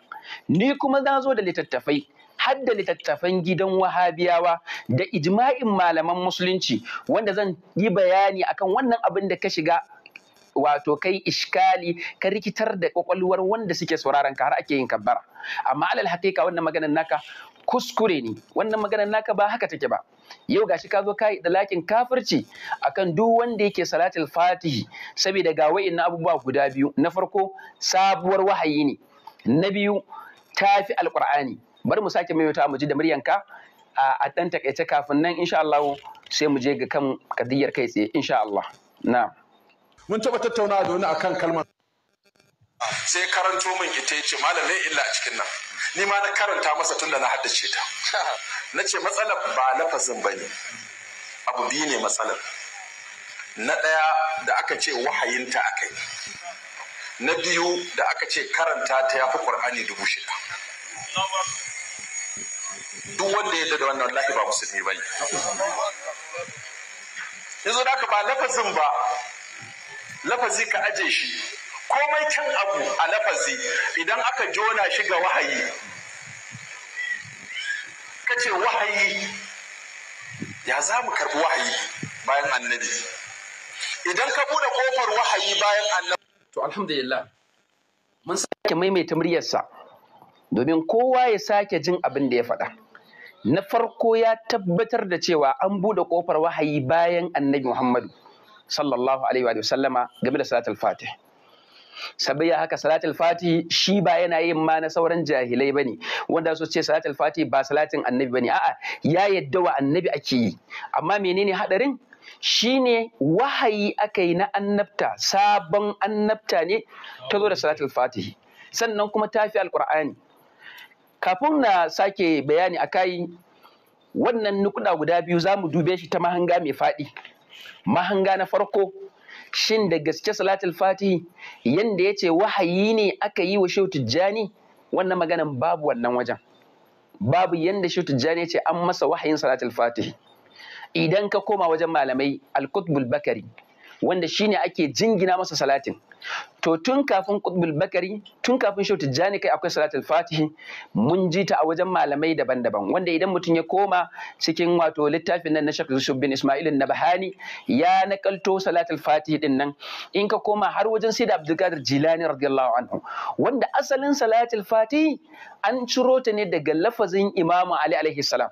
ni kuma na zo da littattafai har da littattafan gidan wahabiyawa da ijma'in malaman musulunci wanda zan yi bayani akan wannan abin da ka shiga wato kai iskali ka rikitar da kwakwalwar wanda suke sauraron ka har ake yin kabbara amma alal haƙiƙa, wannan maganar naka kuskure ne wannan maganar naka ba haka take ba yau gashi ka zo kai dalakin kafirci akan duk wanda yake salatul fatihi saboda ga wa'annan abubuwa guda biyu na farko sabuwar wahayi ne na biyu tafi alqur'ani bari mu sake mai mu ji da muryanka a dan takaice kafin nan insha Allah sai mu je ga kan kadiyar kai tsaye insha Allah na'am mun taba tattauna da wani akan kalmar sai karanto min ita yace malamai illa a cikin nan ni ma na karanta masa tun da na haddace ta (laughs) na ce matsalar ba lafazin ba ne abu biyu ne matsalar na ɗaya da aka ce wahayinta a kai na biyu da aka ce karanta ta ya fi ƙwarhani dubu shida duk wanda ya da wannan lafi ba musulmi ba ne yanzu da aka ba lafazin ba lafazi ka aje shi komai cin abu a lafazi idan aka jona shi ga wahayi ce wahayi ya za mu karɓi wahayi bayan annabi idan ka buɗe ƙofar wahayi bayan annabi to alhamdulillah mun sake maimaita muryarsa domin kowa ya sake jin abin da ya faɗa na farko ya tabbatar da cewa an buɗe ƙofar wahayi bayan annabi muhammadu sallallahu alaihi wa sallama game da salatul fatih sabiya haka salatul fati shi ba yana yin ma na sauran jahilai bane wanda su ce salatul fati ba salatin annabi bane a'a ya yadda wa annabi ake yi amma menene hadarin shine wahayi aka yi na annabta sabon annabta ne ta zo da salatul fatihi sannan kuma tafi alqur'ani kafin na sake bayani akai wannan nukuda guda biyu za mu dube shi ta mahanga mai faɗi mahanga na farko shin da gaske salatul fatihi yanda yace wahayi ne aka yi wa shehu tijjani wannan maganan babu wannan wajen babu yanda shehu tijjani yace an masa wahayin salatul fatihi idan ka koma wajen malamai al kutbul bakari wanda shine ake jingina masa salatin to tun kafin qutbul bakari tun kafin shautu jani kai akwai salatul fatihi mun ji ta a wajen malamai daban-daban wanda idan mutum ya koma cikin wato littafin nan na shafi yusuf bin ismail na bahani ya nakalto salatul fatihi din nan in ka koma har wajen da abdulkadir jilani radiyallahu anhu wanda asalin salatul fatihi an ciro ta ne daga lafazin imamu ali alaihi salam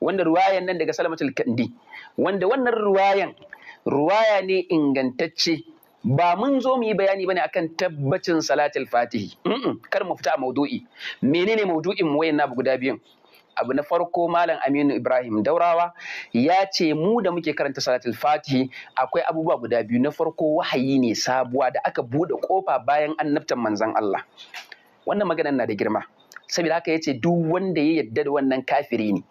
wanda ruwayan nan daga salamatul kandi wanda wannan ruwayan ruwaya ne ingantacce ba mun zo mu yi bayani bane akan tabbacin salatul fatihi kar mu fita a maudu'i menene maudu'in mu wayan abu guda biyun abu na farko malam aminu ibrahim daurawa ya ce mu da muke karanta salatul fatihi akwai abubuwa guda biyu na farko wahayi ne sabuwa da aka buɗe kofa bayan annabtan manzon Allah wannan maganar na da girma saboda haka ya ce duk wanda ya yarda da wannan kafiri ne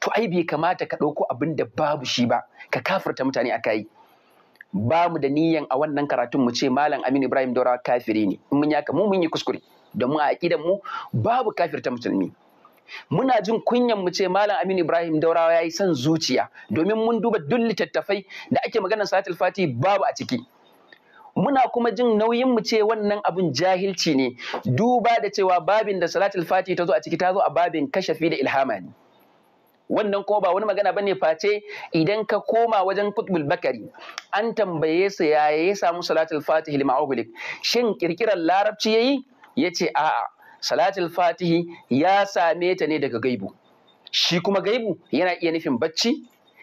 to ai bai kamata ka ɗauko abin da babu shi ba ka kafirta mutane a kayi. ba mu da niyan a wannan karatun mu ce malam Aminu Ibrahim Daura kafiri ne in mun yaka mu mun yi kuskure domin a aqidan mu babu kafirta musulmi muna jin kunyan mu ce malam Aminu Ibrahim ya yi son zuciya domin mun duba duk littattafai da ake maganar satil Fati babu a ciki muna kuma jin nauyin mu ce wannan abun jahilci ne duba da cewa babin da Salatul Fati ta zo a ciki ta zo a babin kashafi da ilhama ne wannan ko ba wani magana bane face idan ka koma wajen kutbul bakari an tambaye su ya samu salatul fatihi lima shin kirkirar larabci yayi yace a'a salatul fatihi ya same ta ne daga gaibu shi kuma gaibu yana iya nufin bacci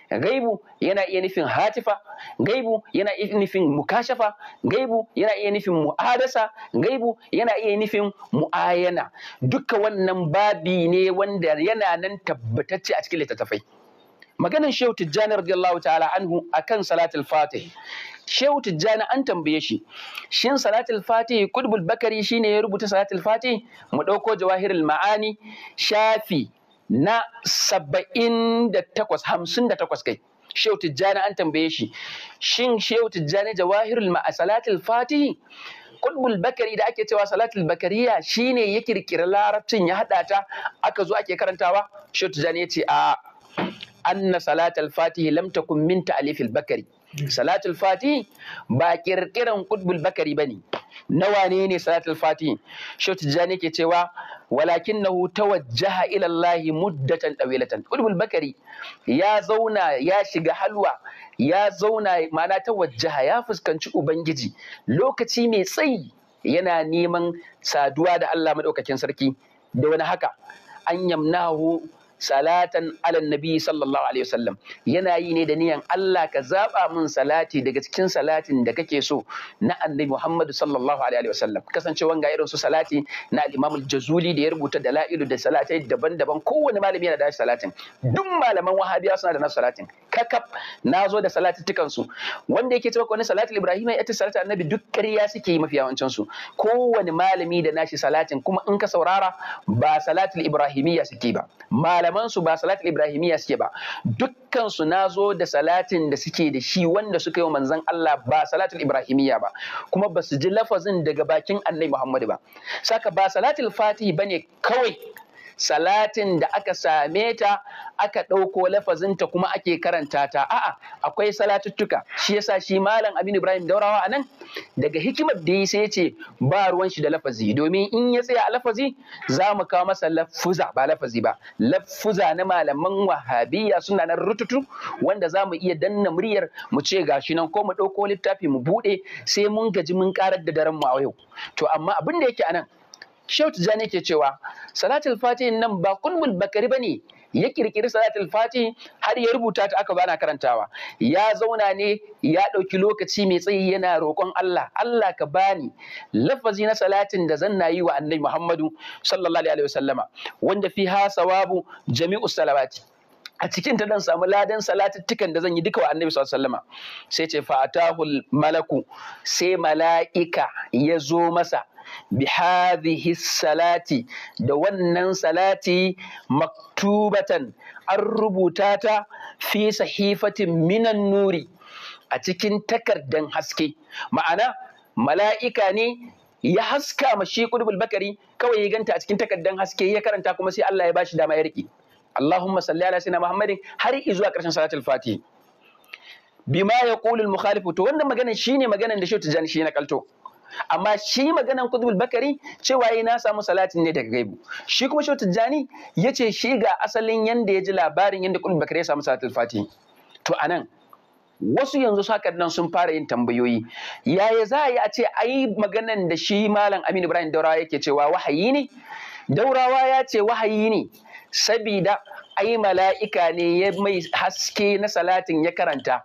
gaibu yana iya nufin hatifa gaibu yana iya nufin mukashafa gaibu yana iya nufin mu'adasa gaibu yana iya nufin mu'ayana duka wannan babi ne wanda yana nan tabbatacce a cikin littattafai maganin shehu tijjani radiyallahu ta'ala anhu akan salatul fatih shehu tijjani an tambaye shi shin salatul fatih kudbul bakari shine ya rubuta salatul fatih mu dauko jawahirul ma'ani shafi na saba'in da takwas hamsin da takwas kai shehu tijjani an tambaye shi shin shehu tijjani jawahirul Salatul fatihi kudbul bakari da ake cewa salatul bakariya shine ya ƙirƙira larabcin ya hada ta aka zo ake karantawa shehu tijjani ya ce a anna salatul fatihi lam takun min ta'alifil bakari salatul fatihi ba kirkiran kudbul bakari bane na wane ne salatul fatihi shehu tijjani ke cewa walakinahu tawajjaha ila Allah muddatan dawilatan ulul bakari ya zauna ya shiga halwa ya zauna mana tawajjaha ya fuskanci ubangiji lokaci mai tsayi yana neman saduwa da Allah madaukakin sarki da wani haka an yamnahu salatan alan nabi sallallahu alaihi wasallam yana yi ne da niyan Allah ka zaba min salati daga cikin salatin da kake so na annabi Muhammad sallallahu alaihi wasallam Kasance ga irin su salati na al-Imam al-Jazuli da ya rubuta dalailu da salatai daban-daban kowane malami yana da salatin duk malaman wahabiya suna da nasu salatin kakaf nazo da salatittukan su wanda yake cewa wani salatul Ibrahim ya ta salatu annabi duk karya suke yi mafi yawancin su kowane malami da nashi salatin kuma in ka saurara ba salatul ibrahimiyya suke ba malaman su ba salatul ibrahimiyya suke ba dukkan su nazo da salatin da suke da shi wanda suka yi manzon Allah ba salatul ibrahimiyya ba kuma ba su ji lafazin daga bakin annabi Muhammad ba saka ba salatul fatihi bane kawai salatin da aka same ta aka ɗauko lafazinta kuma ake karanta ta a'a akwai salatuttuka shi yasa shi malam Aminu Ibrahim Daurawa anan daga hikimar da yi sai ce ba ruwan shi da lafazi domin in ya tsaya a lafazi za mu kawo masa lafuza ba lafazi ba lafuza na malaman wahabiyya suna nan rututu wanda za mu iya danna muryar mu ce gashi nan ko mu ɗauko littafi mu buɗe sai mun gaji mun ƙarar da daren mu a yau to amma abin da yake anan Shehu Tijjani ke cewa salatul fati nan ba kulmul bakari bane ya kirkiri salatul fatihi har ya rubuta ta aka bana karantawa ya zauna ne ya ɗauki lokaci mai tsayi yana roƙon Allah Allah ka bani lafazi na salatin da zan na yi wa annabi Muhammadu sallallahu alaihi wasallama wanda fi ha sawabu jami'u salawati a cikin ta dan samu ladan salatuttukan da zan yi duka wa annabi sallallahu alaihi wasallama sai ce fa'atahul malaku sai mala'ika ya zo masa bi hadhihi salati da wannan salati maktubatan an rubuta ta fi sahifatin minan nuri a cikin takardan haske ma'ana mala'ika ne ya haska ma shi qudbul bakari kawai ya ganta a cikin takardan haske ya karanta kuma sai Allah ya bashi dama ya riki Allahumma salli ala sayyidina Muhammadin har zuwa ƙarshen salatul Fatihi bima yaqulu al-mukhalifu to wannan magana shine maganar da Shehu Tijani shi na kalto amma shi maganan kudubul bakari cewa yi samu salatin ne daga gaibu shi kuma shautar tijjani ya ce shi ga asalin yanda ya ji labarin yanda kudubul bakari ya samu salatin fatihi to anan wasu yanzu sakar nan sun fara yin tambayoyi yaya za a yi a ce ai maganan da shi malam aminu ibrahim daurawa yake cewa wahayi ne daurawa ya ce wahayi ne sabida ai mala'ika ne ya mai haske na salatin ya karanta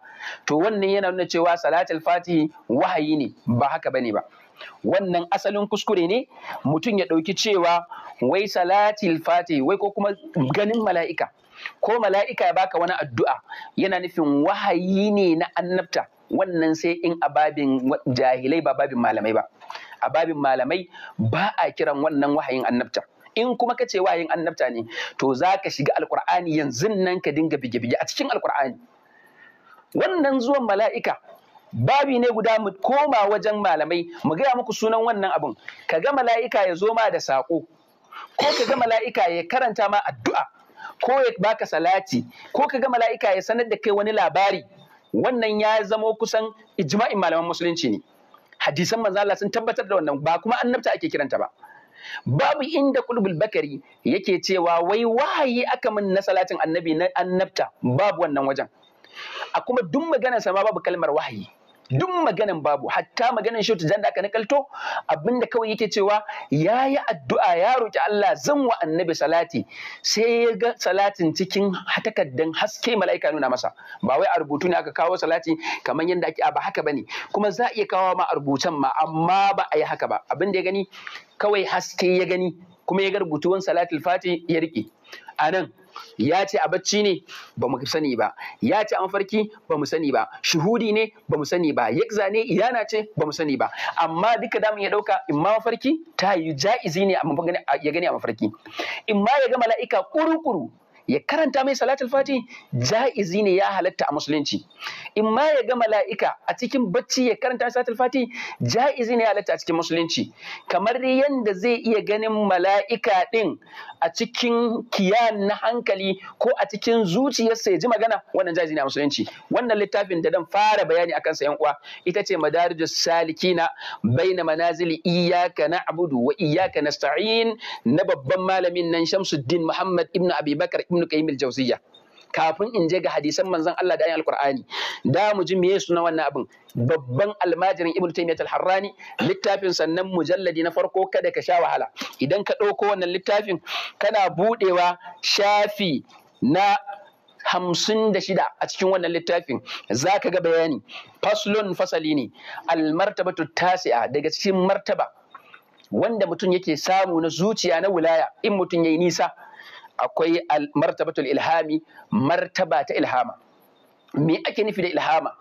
to wannan yana nuna cewa salatul fatihi wahayi ne ba haka bane ba wannan asalin kuskure ne mutum ya ɗauki cewa wai salatul fatihi wai ko kuma ganin mala'ika ko mala'ika ya baka wani addu'a yana nufin wahayi ne na annabta wannan sai in a jahilai ba babin malamai ba a babin malamai ba a kiran wannan wahayin annabta in kuma ka ce wa wayin annabta ne to za ka shiga alkur'ani yanzu nan ka dinga bige-bige a cikin alkur'ani wannan zuwan mala'ika babi ne guda mu koma wajen malamai mu gaya muku sunan wannan abun ka ga mala'ika ya zo ma da saƙo ko ka ga mala'ika ya karanta ma addu'a ko ya baka salati ko ka ga mala'ika ya sanar da kai wani labari wannan ya zamo kusan ijma'in malaman musulunci ne hadisan manzo Allah sun tabbatar da wannan ba kuma annabta ake kiranta ba babu inda kulubul bakari yake cewa wai wahayi aka min na salatin annabi na annabta babu wannan wajen a kuma duk maganarsa ma babu kalmar wahayi duk maganan babu hatta maganan shi da aka nakalto abinda kawai yake cewa ya yi addu'a ya roki Allah zan wa annabi salati sai ya ga salatin cikin takaddan haske mala'ika nuna masa ba wai a rubutu ne aka kawo salati kamar yadda ake ba haka bane kuma za a iya kawo ma a rubutan ma amma ba a yi haka ba abinda ya gani kawai haske ya gani kuma ya ga rubutuwan salatul fati ya rike a nan ya ce a bacci ne ba mu sani ba ya ce a mafarki, ba mu sani ba shuhudi ne ba mu sani ba yakza ne iyana ce ba mu sani ba amma duka da ya dauka in ma mafarki ta yi ja'izi ne ya gani a mafarki in ma ya ga mala'ika kurukuru ya karanta mai salatul fati ja'izi ne ya halatta a musulunci in ma ya ga mala'ika a cikin bacci ya karanta salatul fati ja'izi ne ya halatta a cikin musulunci kamar yadda zai iya ganin mala'ika din a cikin kiyan na hankali ko a cikin zuciyarsa ya ji magana wannan ja'izi ne a musulunci wannan littafin da dan fara bayani akan sa yan uwa ita ce madarijus salikina baina manazili iyyaka na'budu wa iyyaka nasta'in na babban malamin nan Shamsuddin Muhammad ibn Abi Bakar ibn ibnu qayyim al-jawziyya kafin in je ga hadisan manzon Allah da ayan alqur'ani da mu ji meye suna wannan abin babban almajirin ibnu taymiyyah al-harrani littafin sannan mujalladi na farko kada ka sha wahala idan ka ɗauko wannan littafin kana budewa shafi na hamsin da shida a cikin wannan littafin za ka ga bayani faslun fasali ne almartabatu tasi'a daga cikin martaba wanda mutum yake samu na zuciya na wilaya in mutum ya yi nisa akwai martabatul ilhami martaba ta ilhama me ake nufi da ilhama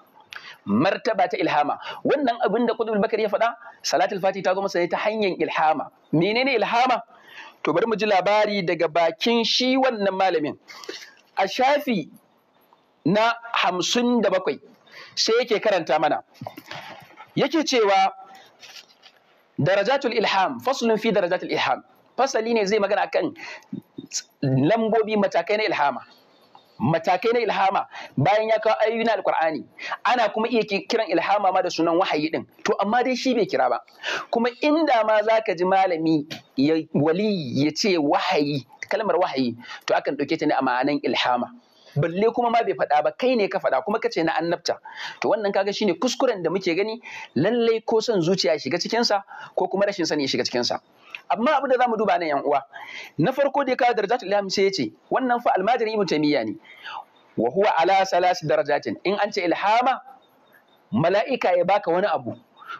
martaba ta ilhama wannan abin da kudul bakar ya faɗa salatul fati ta zo masa ta hanyar ilhama menene ilhama to bari mu ji labari daga bakin shi wannan malamin a shafi na hamsin da bakwai sai yake karanta mana yake cewa darajatul ilham faslun fi darajatul ilham fasali ne zai magana akan lambobi matakai na ilhama matakai na ilhama bayan ya kawo ayoyi na alkur'ani ana kuma iya kiran ilhama ma da sunan wahayi din to amma dai shi bai kira ba kuma inda ma zaka ji malami ya wali ya ce wahayi kalmar wahayi to akan ɗauke ta ne a ma'anan ilhama balle kuma ma bai faɗa ba kai ne ka faɗa kuma ka ce na annabta to wannan kaga shine kuskuren da muke gani lallai ko son zuciya shiga cikinsa ko kuma rashin sani ya shiga cikinsa amma abin da za mu duba nan yan uwa na farko dai ka darajatul ilham sai ce. wannan fa almajiri ibn taymiya ne wa huwa ala salas darajatin in an ce ilhama mala'ika ya baka wani abu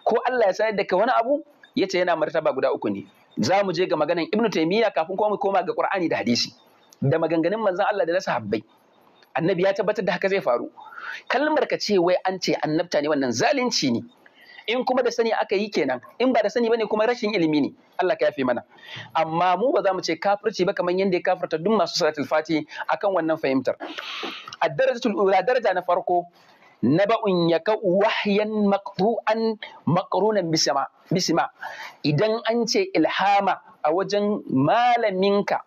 ko Allah ya sanar da ka wani abu Ya ce yana martaba guda uku ne za mu je ga maganan ibn taymiya kafin kuma mu koma ga qur'ani da hadisi da maganganun manzon Allah da na sahabbai annabi ya tabbatar da haka zai faru kalmar ka ce wai an ce annabta ne wannan zalunci ne in kuma da sani aka yi kenan in ba da sani bane kuma rashin ilimi ne Allah ka yafe mana amma mu ba za mu ce kafirci ba kamar yadda ya kafirta duk masu salatul fati akan wannan fahimtar a darajatul ula daraja na farko naba'un yaka wahyan maqru'an maqrunan bisima bisima idan an ce ilhama a wajen malaminka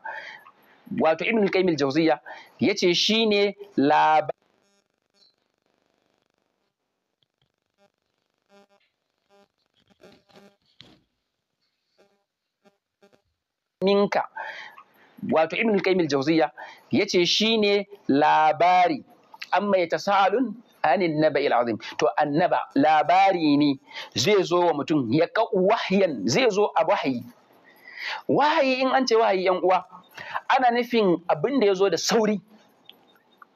wato ibn al-qayyim al-jawziyya yace shine labar minka wato ibn al-qayyim al-jawziya yace shine labari amma yatasalun anin al azim to annaba labari ne zai zo wa mutum ya ka wahyan zai zo a wahayi wahayi in an ce wahayi yan uwa ana nufin abin da ya zo da sauri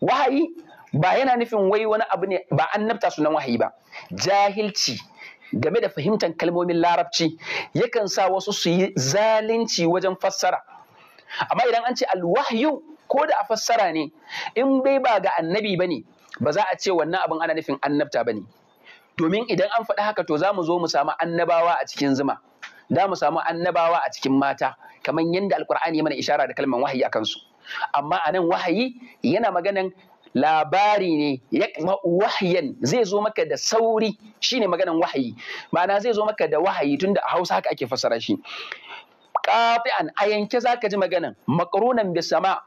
wahayi ba yana nufin wai wani abu ne ba annabta sunan wahayi ba jahilci game da fahimtar kalmomin larabci yakan sa wasu su yi zalunci wajen fassara amma idan an ce alwahyu ko da a fassara ne in bai ba ga annabi ba ne ba za a ce wannan abin ana nufin annabta ba ne domin idan an faɗi haka to za mu zo mu samu annabawa a cikin zuma da mu samu annabawa a cikin mata kamar yadda alkur'ani mana ishara da kalmar wahayi a kansu amma a nan wahayi yana maganan labari ne ya wahyan zai zo maka da sauri shine maganan wahayi ma'ana zai zo maka da wahayi tunda a Hausa haka ake fassara shi qati'an a yanke zaka ji maganan maqrunan bi sama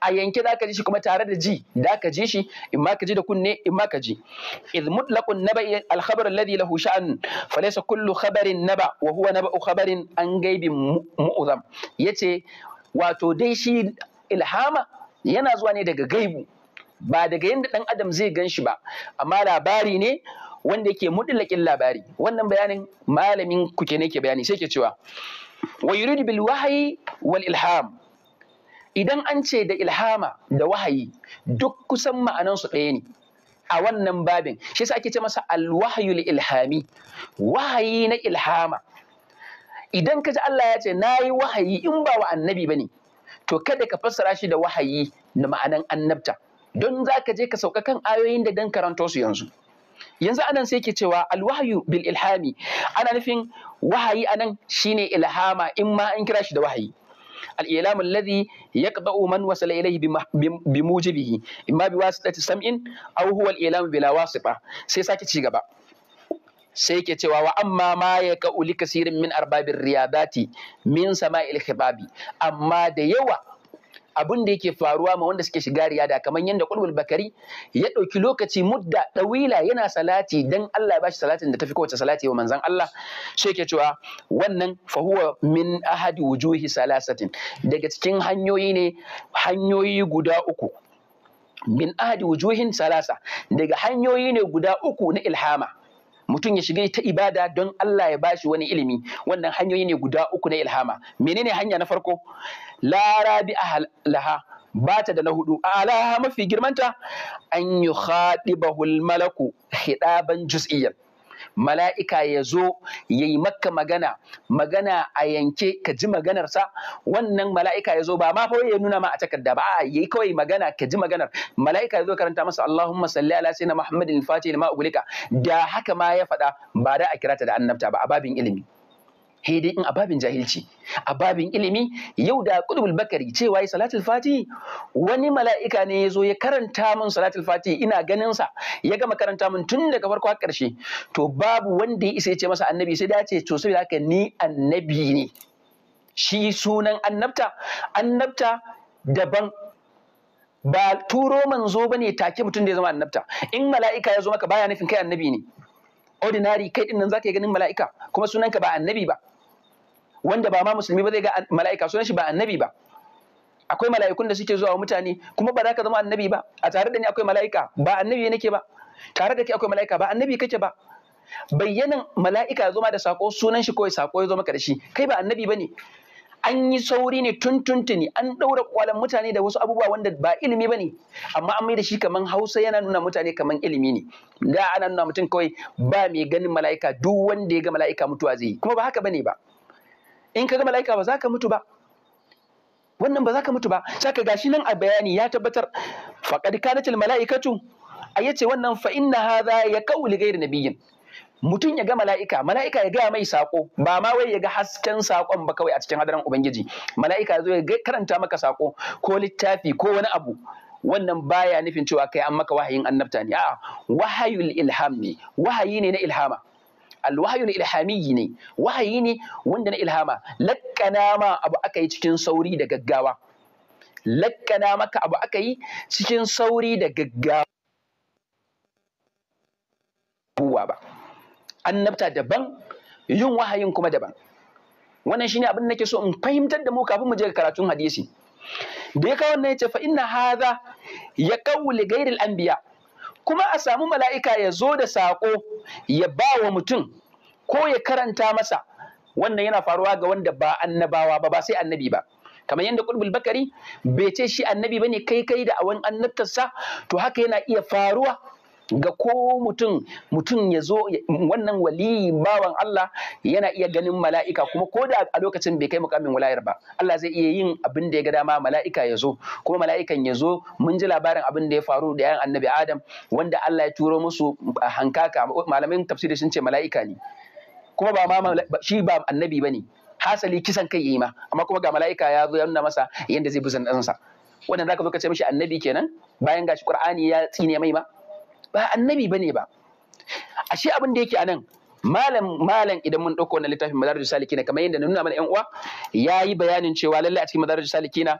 a yanke zaka ji shi kuma tare da ji da ka ji shi in ma ka ji da kunne in ma ka ji id mutlaqun naba'i al khabar alladhi lahu sha'an falaysa kullu khabarin naba wa huwa naba'u khabarin an gaibin mu'zam yace wato dai shi ilhama yana zuwa ne daga gaibu ba daga yadda ɗan adam zai gan shi ba amma labari ne wanda yake mudlakin labari wannan bayanin malamin ku ke ke bayani sai ke cewa wa yuridu bil wahayi wal ilham idan an ce da ilhama da wahayi duk kusan ma'anansu ɗaya ne a wannan babin shi yasa ake ce masa alwahyul ilhami wahayi na ilhama idan ka ji Allah ya ce na yi wahayi in ba wa annabi ba ne to kada ka fassara shi da wahayi na ma'anan annabta don za ka je ka sauka kan ayoyin da dan karanto su yanzu yanzu anan sai ke cewa alwahyu bil ilhami ana nufin wahayi anan shine ilhama in ma an kira shi da wahayi الإعلام الذي يقبأ من وصل إليه بموجبه bi بواسطة سمع sam'in هو الإعلام بلا واسطة سيساكي تشيغبا sai ke cewa wa amma ma ya ka'uli kasirin min arbabin riyadati min sama'il khibabi amma da yawa abin da yake faruwa ma wanda suke shiga riyada kamar yadda kulbul bakari ya ɗauki lokaci mudda ɗawila yana salati dan Allah ya bashi salatin da tafi kowace salati wa manzon Allah shi yake cewa wannan fa min ahadi wujuhi salasatin daga cikin hanyoyi ne hanyoyi guda uku min ahadi wujuhin salasa daga hanyoyi ne guda uku na ilhama mutum ya shiga ta ibada don Allah ya bashi wani ilimi wannan hanyoyi ne guda uku na ilhama menene hanya na farko la rabi laha ba ta da na hudu ala mafi girmanta an yukhadibahu malaku hidaban juz'iyyan mala'ika ya zo ya yi maka magana magana a yanke ka ji maganarsa wannan mala'ika ya zo ba ma kawai ya nuna ma a takarda ba ya yi kawai magana ka ji maganar mala'ika ya zo karanta masa Allahumma salli ala sayyidina Muhammadin al-Fatih lima ugulika da haka ma ya faɗa ba da a kirata da annabta ba a babin ilimi dai in ababin jahilci ababin ilimi yau da qutbul bakari cewa yi salatul fati wani mala'ika ne ya zo ya karanta min salatul fati ina ganin sa ya gama karanta min tun daga farko har karshe to babu wanda ya isa ya ce masa annabi sai da ce to saboda haka ni annabi ne shi sunan annabta annabta daban ba turo manzo bane take mutum da ya zama annabta in mala'ika ya zo maka baya nufin kai annabi ne ordinary kai din nan zaka yi ganin mala'ika kuma sunanka ba annabi ba wanda ba ma musulmi ba zai ga mala'ika sunan shi ba annabi ba akwai mala'ikun da suke zuwa mutane kuma ba za ka zama annabi ba a tare da ni akwai mala'ika ba annabi nake ba tare da kai akwai mala'ika ba annabi kake ba bayyanan mala'ika ya zo ma da sako sunan shi kawai sako ya zo maka da shi kai ba annabi ne. an yi sauri ne tun tuntuni an ɗaura kwalan mutane da wasu abubuwa wanda ba ilimi ba ne amma an mai da shi kaman hausa yana nuna mutane kaman ilimi ne da ana nuna mutum kawai ba mai ganin mala'ika duk wanda ya ga mala'ika mutuwa zai yi kuma ba haka bane ba in ka ga mala'ika ba za ka mutu ba wannan ba za ka mutu ba saka gashi nan a bayani ya tabbatar faqad kanatil mala'ikatu a wannan fa inna hadha ya da na nabiyyin mutum ya ga mala'ika mala'ika ya gaya mai sako ba ma wai ya ga hasken sakon ba kawai a cikin hadarin ubangiji mala'ika ya zo ya karanta maka sako ko littafi ko wani abu wannan baya nufin cewa kai an maka wahayin annabta ne a'a wahayul ilham ne wahayi ne na ilhama Alwahayu na ilhamiyyi ne wahayi ne wanda na ilhama lakkana ma abu aka yi cikin sauri da gaggawa lakkana maka abu aka yi cikin sauri da gaggawa ba annabta daban yin wahayin kuma daban wannan shine abin da nake so in fahimtar da mu kafin mu je karatun hadisi da ya kawo wannan yace fa inna hadha ya qawli ghairil anbiya kuma a samu mala'ika ya zo da sako ya ba wa mutum ko ya karanta masa wannan yana faruwa ga wanda ba annabawa ba ba sai annabi ba kamar yadda kulbul bakari bai ce shi annabi bane kai kai da awan annabtarsa to haka yana iya faruwa ga ko mutum mutum ya zo wannan waliyi bawan Allah yana iya ganin mala'ika kuma ko da a lokacin bai kai mukamin walayar ba Allah zai iya yin abin da ya ga dama mala'ika ya zo kuma mala'ikan ya zo mun ji labarin abin da ya faru da yan annabi Adam wanda Allah ya turo musu hankaka malamin tafsiri sun ce mala'ika ne kuma ba ma shi ba annabi bane hasali kisan kai yayi ma amma kuma ga mala'ika ya zo ya nuna masa yanda zai bi sa wannan zaka zo ka ce mishi annabi kenan bayan gashi Qur'ani ya tsine mai ma ba annabi bane ba ashe abin da yake nan malam malam idan mun dauko wannan littafin madarijus salikina kamar yadda nuna mana yan uwa yayi bayanin cewa lalle a cikin madarijus salikina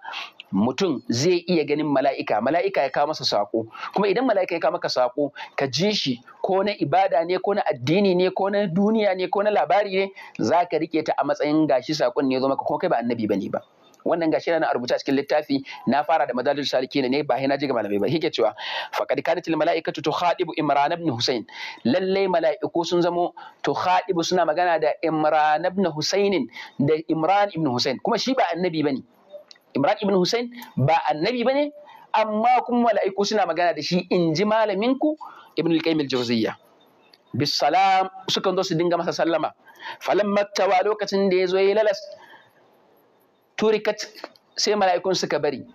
mutum zai iya ganin mala'ika mala'ika ya kawo masa sako kuma idan mala'ika ya kawo maka sako ka ji shi ko na ibada ne ko na addini ne ko na duniya ne ko na labari ne zaka rike ta a matsayin gashi sakon ne ya zo maka ko kai ba annabi bane ba wannan gashi na rubuta cikin littafi na fara da madalil salikin ne ba na ji ga malamai ba hike cewa faqad kanatil malaikatu tukhadibu imran ibn husayn lalle malaiku sun zamo tukhadibu suna magana da imran ibn husayn da imran ibn husayn kuma shi ba annabi bane imran ibn husayn ba annabi bane amma kuma mala'iku suna magana da shi in ji malaminku ibn al-qayyim al-jawziyya bisalam sukan zo su dinga masa sallama falamma tawa lokacin da ya zo ya lalas turikat sai mala'ikun suka bari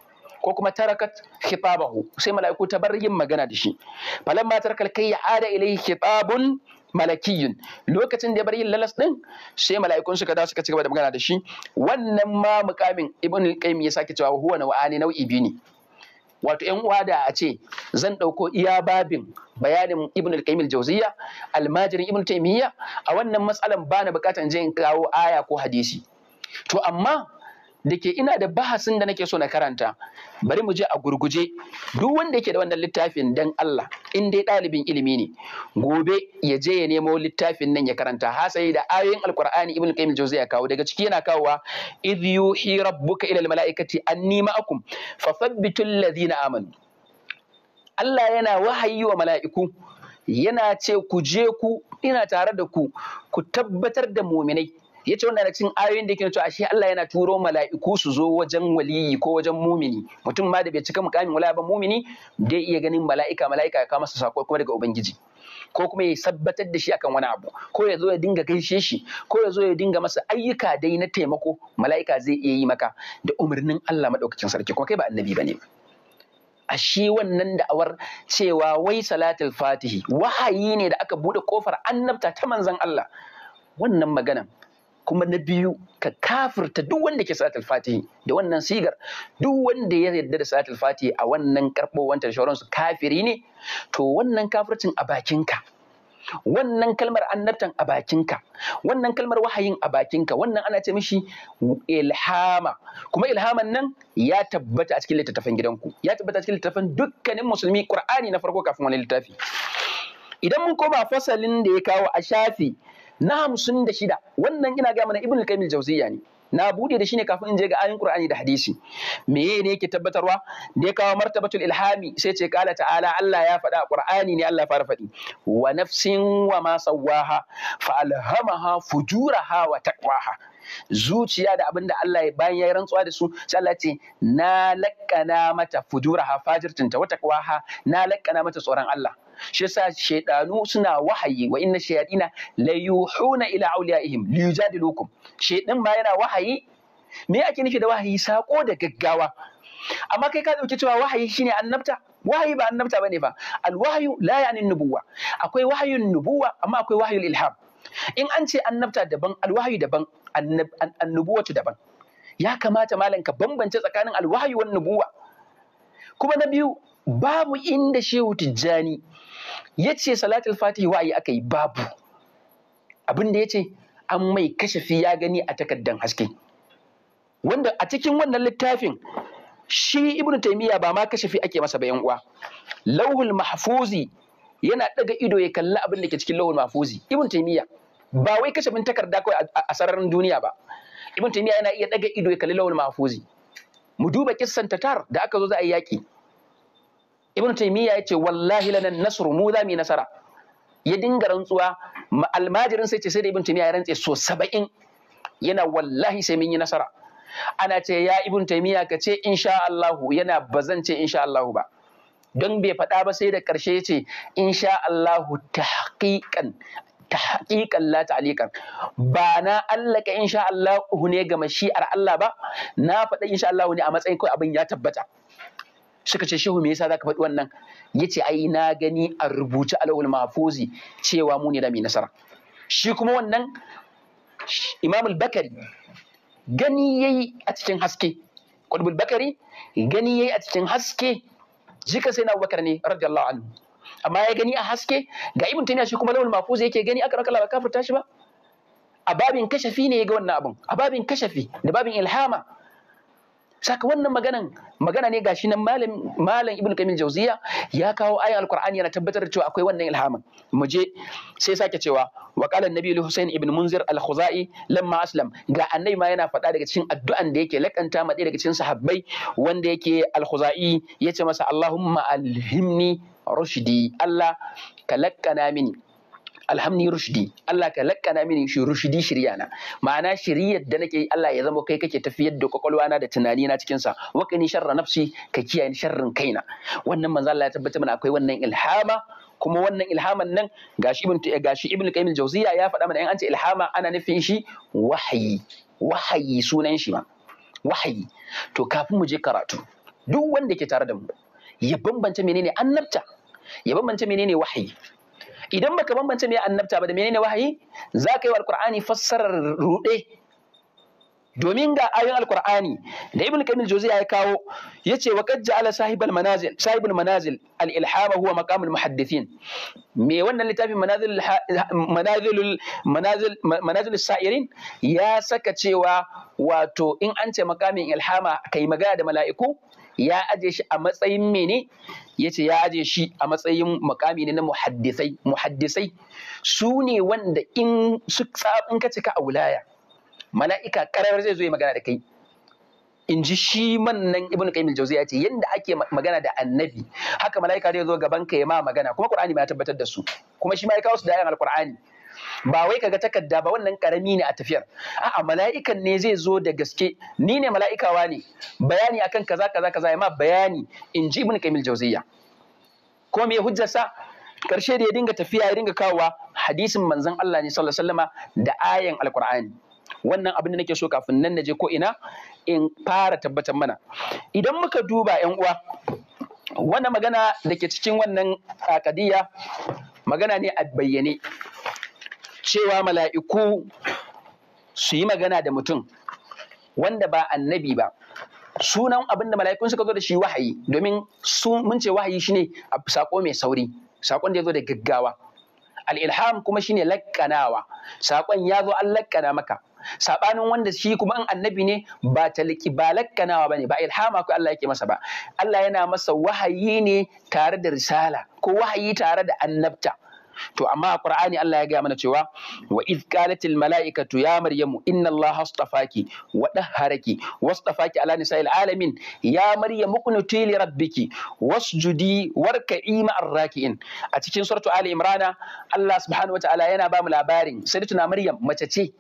ko kuma tarakat khitabahu sai mala'iku ta bar yin magana da shi ma tarakal kai ada ilayhi khitabun malakiyun lokacin da ya bar yin lalas din sai mala'ikun suka dawo suka ci gaba da magana da shi wannan ma mukamin ibnu qayyim ya sake cewa huwa naw'ani nau'i biyu ne wato yan uwa da a ce zan ɗauko iya babin bayanin ibn al-qayyim al-jawziyya almajirin ibnu taymiyya a wannan matsalan bana bukatan je in kawo aya ko hadisi to amma da ke ina da bahasin da nake so na karanta bari mu je a gurguje duk wanda yake da wannan littafin dan Allah in dai ɗalibin ilimi ne gobe ya je ya nemo littafin nan ya karanta sai da ayoyin alqur'ani ibn qayyim jawzi ya kawo daga ciki yana kawowa idh yuhi rabbuka ila almalaikati anni ma'akum thabbitul ladina amanu Allah yana wahayi wa mala'iku yana ce ku je ku ina tare da ku ku tabbatar da muminai ya ce wannan cikin ayoyin da ke cewa ashe Allah yana turo mala'iku su zo wajen waliyi ko wajen mumini mutum ma da bai cika mukamin wala ba mumini da iya ganin mala'ika mala'ika ya kama masa sako kuma daga ubangiji ko kuma ya sabbatar da shi akan wani abu ko ya zo ya dinga gaishe shi ko ya zo ya dinga masa ayyuka dai na taimako mala'ika zai iya yi maka da umarnin Allah madaukakin sarki kuma kai ba annabi bane a shi wannan da'awar cewa wai salatul fatihi wahayi ne da aka bude kofar annabta ta manzon Allah wannan magana. kuma na biyu ka kafirta duk wanda ke salatul fatihi da wannan sigar duk wanda ya yarda da salatul fatihi a wannan shawaran su kafiri ne to wannan kafircin a bakinka wannan kalmar annabtan a bakinka wannan kalmar wahayin a bakinka wannan ana ce mishi ilhama kuma ilhaman nan ya tabbata a cikin littattafan gidanku ya tabbata a cikin littattafan dukkanin musulmi qur'ani na farko kafin wani littafi idan mun koma fasalin da ya kawo a shafi na hamsin da shida wannan ina gaya mana ibn kaimil jauziya ne na bude da shi ne kafin in je ga ayin qur'ani da hadisi meye ne yake tabbatarwa da ya kawo martabatul ilhami sai ce kala ta'ala Allah ya faɗa qur'ani ne Allah ya fara faɗi wa nafsin wa ma sawaha fa alhamaha fujuraha wa taqwaha zuciya da abin da Allah bayan ya yi rantsuwa da su sai Allah ce na lakkana mata fujuraha fajirtinta wa taqwaha na lakkana mata tsoron Allah shi yasa suna wahayi wa inna shayatina la yuhuna ila awliyaihim li yujadilukum shaydan ma yana wahayi me ake nufi da wahayi sako da gaggawa amma kai ka dauki cewa wahayi shine annabta wahayi ba annabta bane fa alwahyu la yani nubuwa akwai wahayin nubuwa amma akwai wahayul ilham in an ce annabta daban alwahyu daban annubuwatu daban ya kamata malam ka bambance tsakanin alwahyu wa nubuwa kuma na biyu babu inda shehu tijjani ya ce salatul fatihi wa'ayi aka yi babu abin ya ce an mai kashafi ya gani a takaddan haske wanda a cikin wannan littafin shi ibnu taimiyya ba ma kashafi ake masa bayan uwa lauhul mahfuzi yana daga ido ya kalli abin da ke cikin lauhul mahfuzi ibnu taimiyya ba wai kashe kashafin takarda kawai a sararin duniya ba ibnu taimiyya yana iya daga ido ya kalli lauhul mahfuzi mu duba kissan tatar da aka zo za a yi yaki ibn taymiya yace wallahi lanan nasru mu za mu yi nasara ya dinga rantsuwa almajirin sai ce sai da ibn taymiya ya rantse so 70 yana wallahi sai mun yi nasara ana ce ya ibn taymiya ka ce insha Allah yana bazan ce insha Allah ba don bai faɗa ba sai da ƙarshe ya ce insha Allah tahqiqan tahqiqan la ta'liqan ba na allaka insha Allah ne ga mashi'ar Allah ba na faɗa insha Allah ne a matsayin kawai abin ya tabbata suka ce shehu me yasa zaka faɗi wannan yace ai na gani a rubuce alawul mahfuzi cewa mu ne da mai nasara shi kuma wannan imam al-bakari gani yayi a cikin haske qutbul bakari gani yayi a cikin haske jika sai na abubakar ne radiyallahu anhu amma ya gani a haske ga ibn taymiya shi kuma lawul mahfuzi yake gani aka rakala ba kafirta shi ba a babin kashafi ne ya ga wannan abun a babin kashafi da babin ilhama saka wannan maganan magana ne gashi nan malam malam ibnu kamil jauziya ya kawo ayan alqur'ani yana tabbatar da cewa akwai wannan ilhamin mu je sai sake cewa wa qala annabi husayn ibn munzir al-khuzai lamma aslam ga annabi ma yana faɗa daga cikin addu'an da yake lakanta ma daga cikin sahabbai wanda yake al-khuzai yace masa allahumma alhimni rushdi allah ka lakkana mini alhamni rushdi Allah ka lakkana mini shi rushdi na. ma'ana shiryar da nake Allah ya zama kai kake tafiyar da na da tunani na cikin sa waka kani sharra nafsi ka kiyaye sharrin kaina wannan manzo Allah ya tabbata mana akwai wannan ilhama kuma wannan ilhaman nan gashi ibn gashi ibn qayyim al-jawziya ya faɗa mana in an ce ilhama ana nufin shi wahayi wahayi sunan shi ma wahayi to kafin mu je karatu duk wanda ke tare da mu ya bambance menene annabta ya bambance menene wahayi idan baka bambance me annabta ba da menene wahayi za ka yi wa alqur'ani fassarar rude domin ga ayoyin alkur'ani da ibn kamil jawziya ya kawo ya ce qad ja'ala sahibal manazil sahibul manazil al ilhama huwa maqamul muhaddithin me wannan littafin manazil manazil manazil sa'irin ya saka cewa wato in an ce makamin ilhama kai magana da mala'iku ya aje shi a matsayin mene yace ya aje shi a matsayin makami ne na muhaddisai muhaddisai su ne wanda in su tsabin ka cika a wilaya mala'ika karar zai zo ya magana da kai in ji shi man nan ibnu qayyim al-jawziya yace yanda ake magana da annabi haka mala'ika zai zo gaban ka ya ma magana kuma qur'ani ma ya tabbatar da su kuma shi ma ya kawo su da ayan al ba wai kaga takarda ba wannan karami ne a tafiyar a'a mala'ikan ne zai zo da gaske ni ne mala'ikawa ne bayani akan kaza kaza kaza ya ma bayani in ji ibn kamil jauziya ko me sa karshe da ya dinga tafiya ya dinga kawowa hadisin manzon Allah ne sallallahu alaihi wasallama da ayan alqur'ani wannan abin da nake so kafin nan naje ko ina in fara tabbatar mana idan muka duba yan uwa wannan magana da ke cikin wannan kadiya magana ne a bayyane cewa mala'iku su yi magana da mutum wanda ba annabi ba sunan abin da mala'ikun suka zo da shi wahayi domin mun ce wahayi shine sako mai sauri sakon da ya zo da gaggawa al-ilham kuma shine lakkanawa sakon ya zo an lakkana maka saɓanin wanda shi kuma an annabi ne ba taliki ba lakkanawa ne, ba ilhama ko Allah yake masa ba Allah yana masa wahayi ne tare da risala ko wahayi tare da annabta to amma a Qur'ani Allah ya gaya mana cewa wa iz qalatil mala'ikatu ya maryamu inna Allah astafaki wa dahharaki wastafaki ala nisa'il alamin ya maryamu kunuti li rabbiki wasjudi warka'i ma'ar raki'in a cikin suratu Ali rana, Allah subhanahu wataala yana ba mu labarin sayyidatuna Maryam mace ce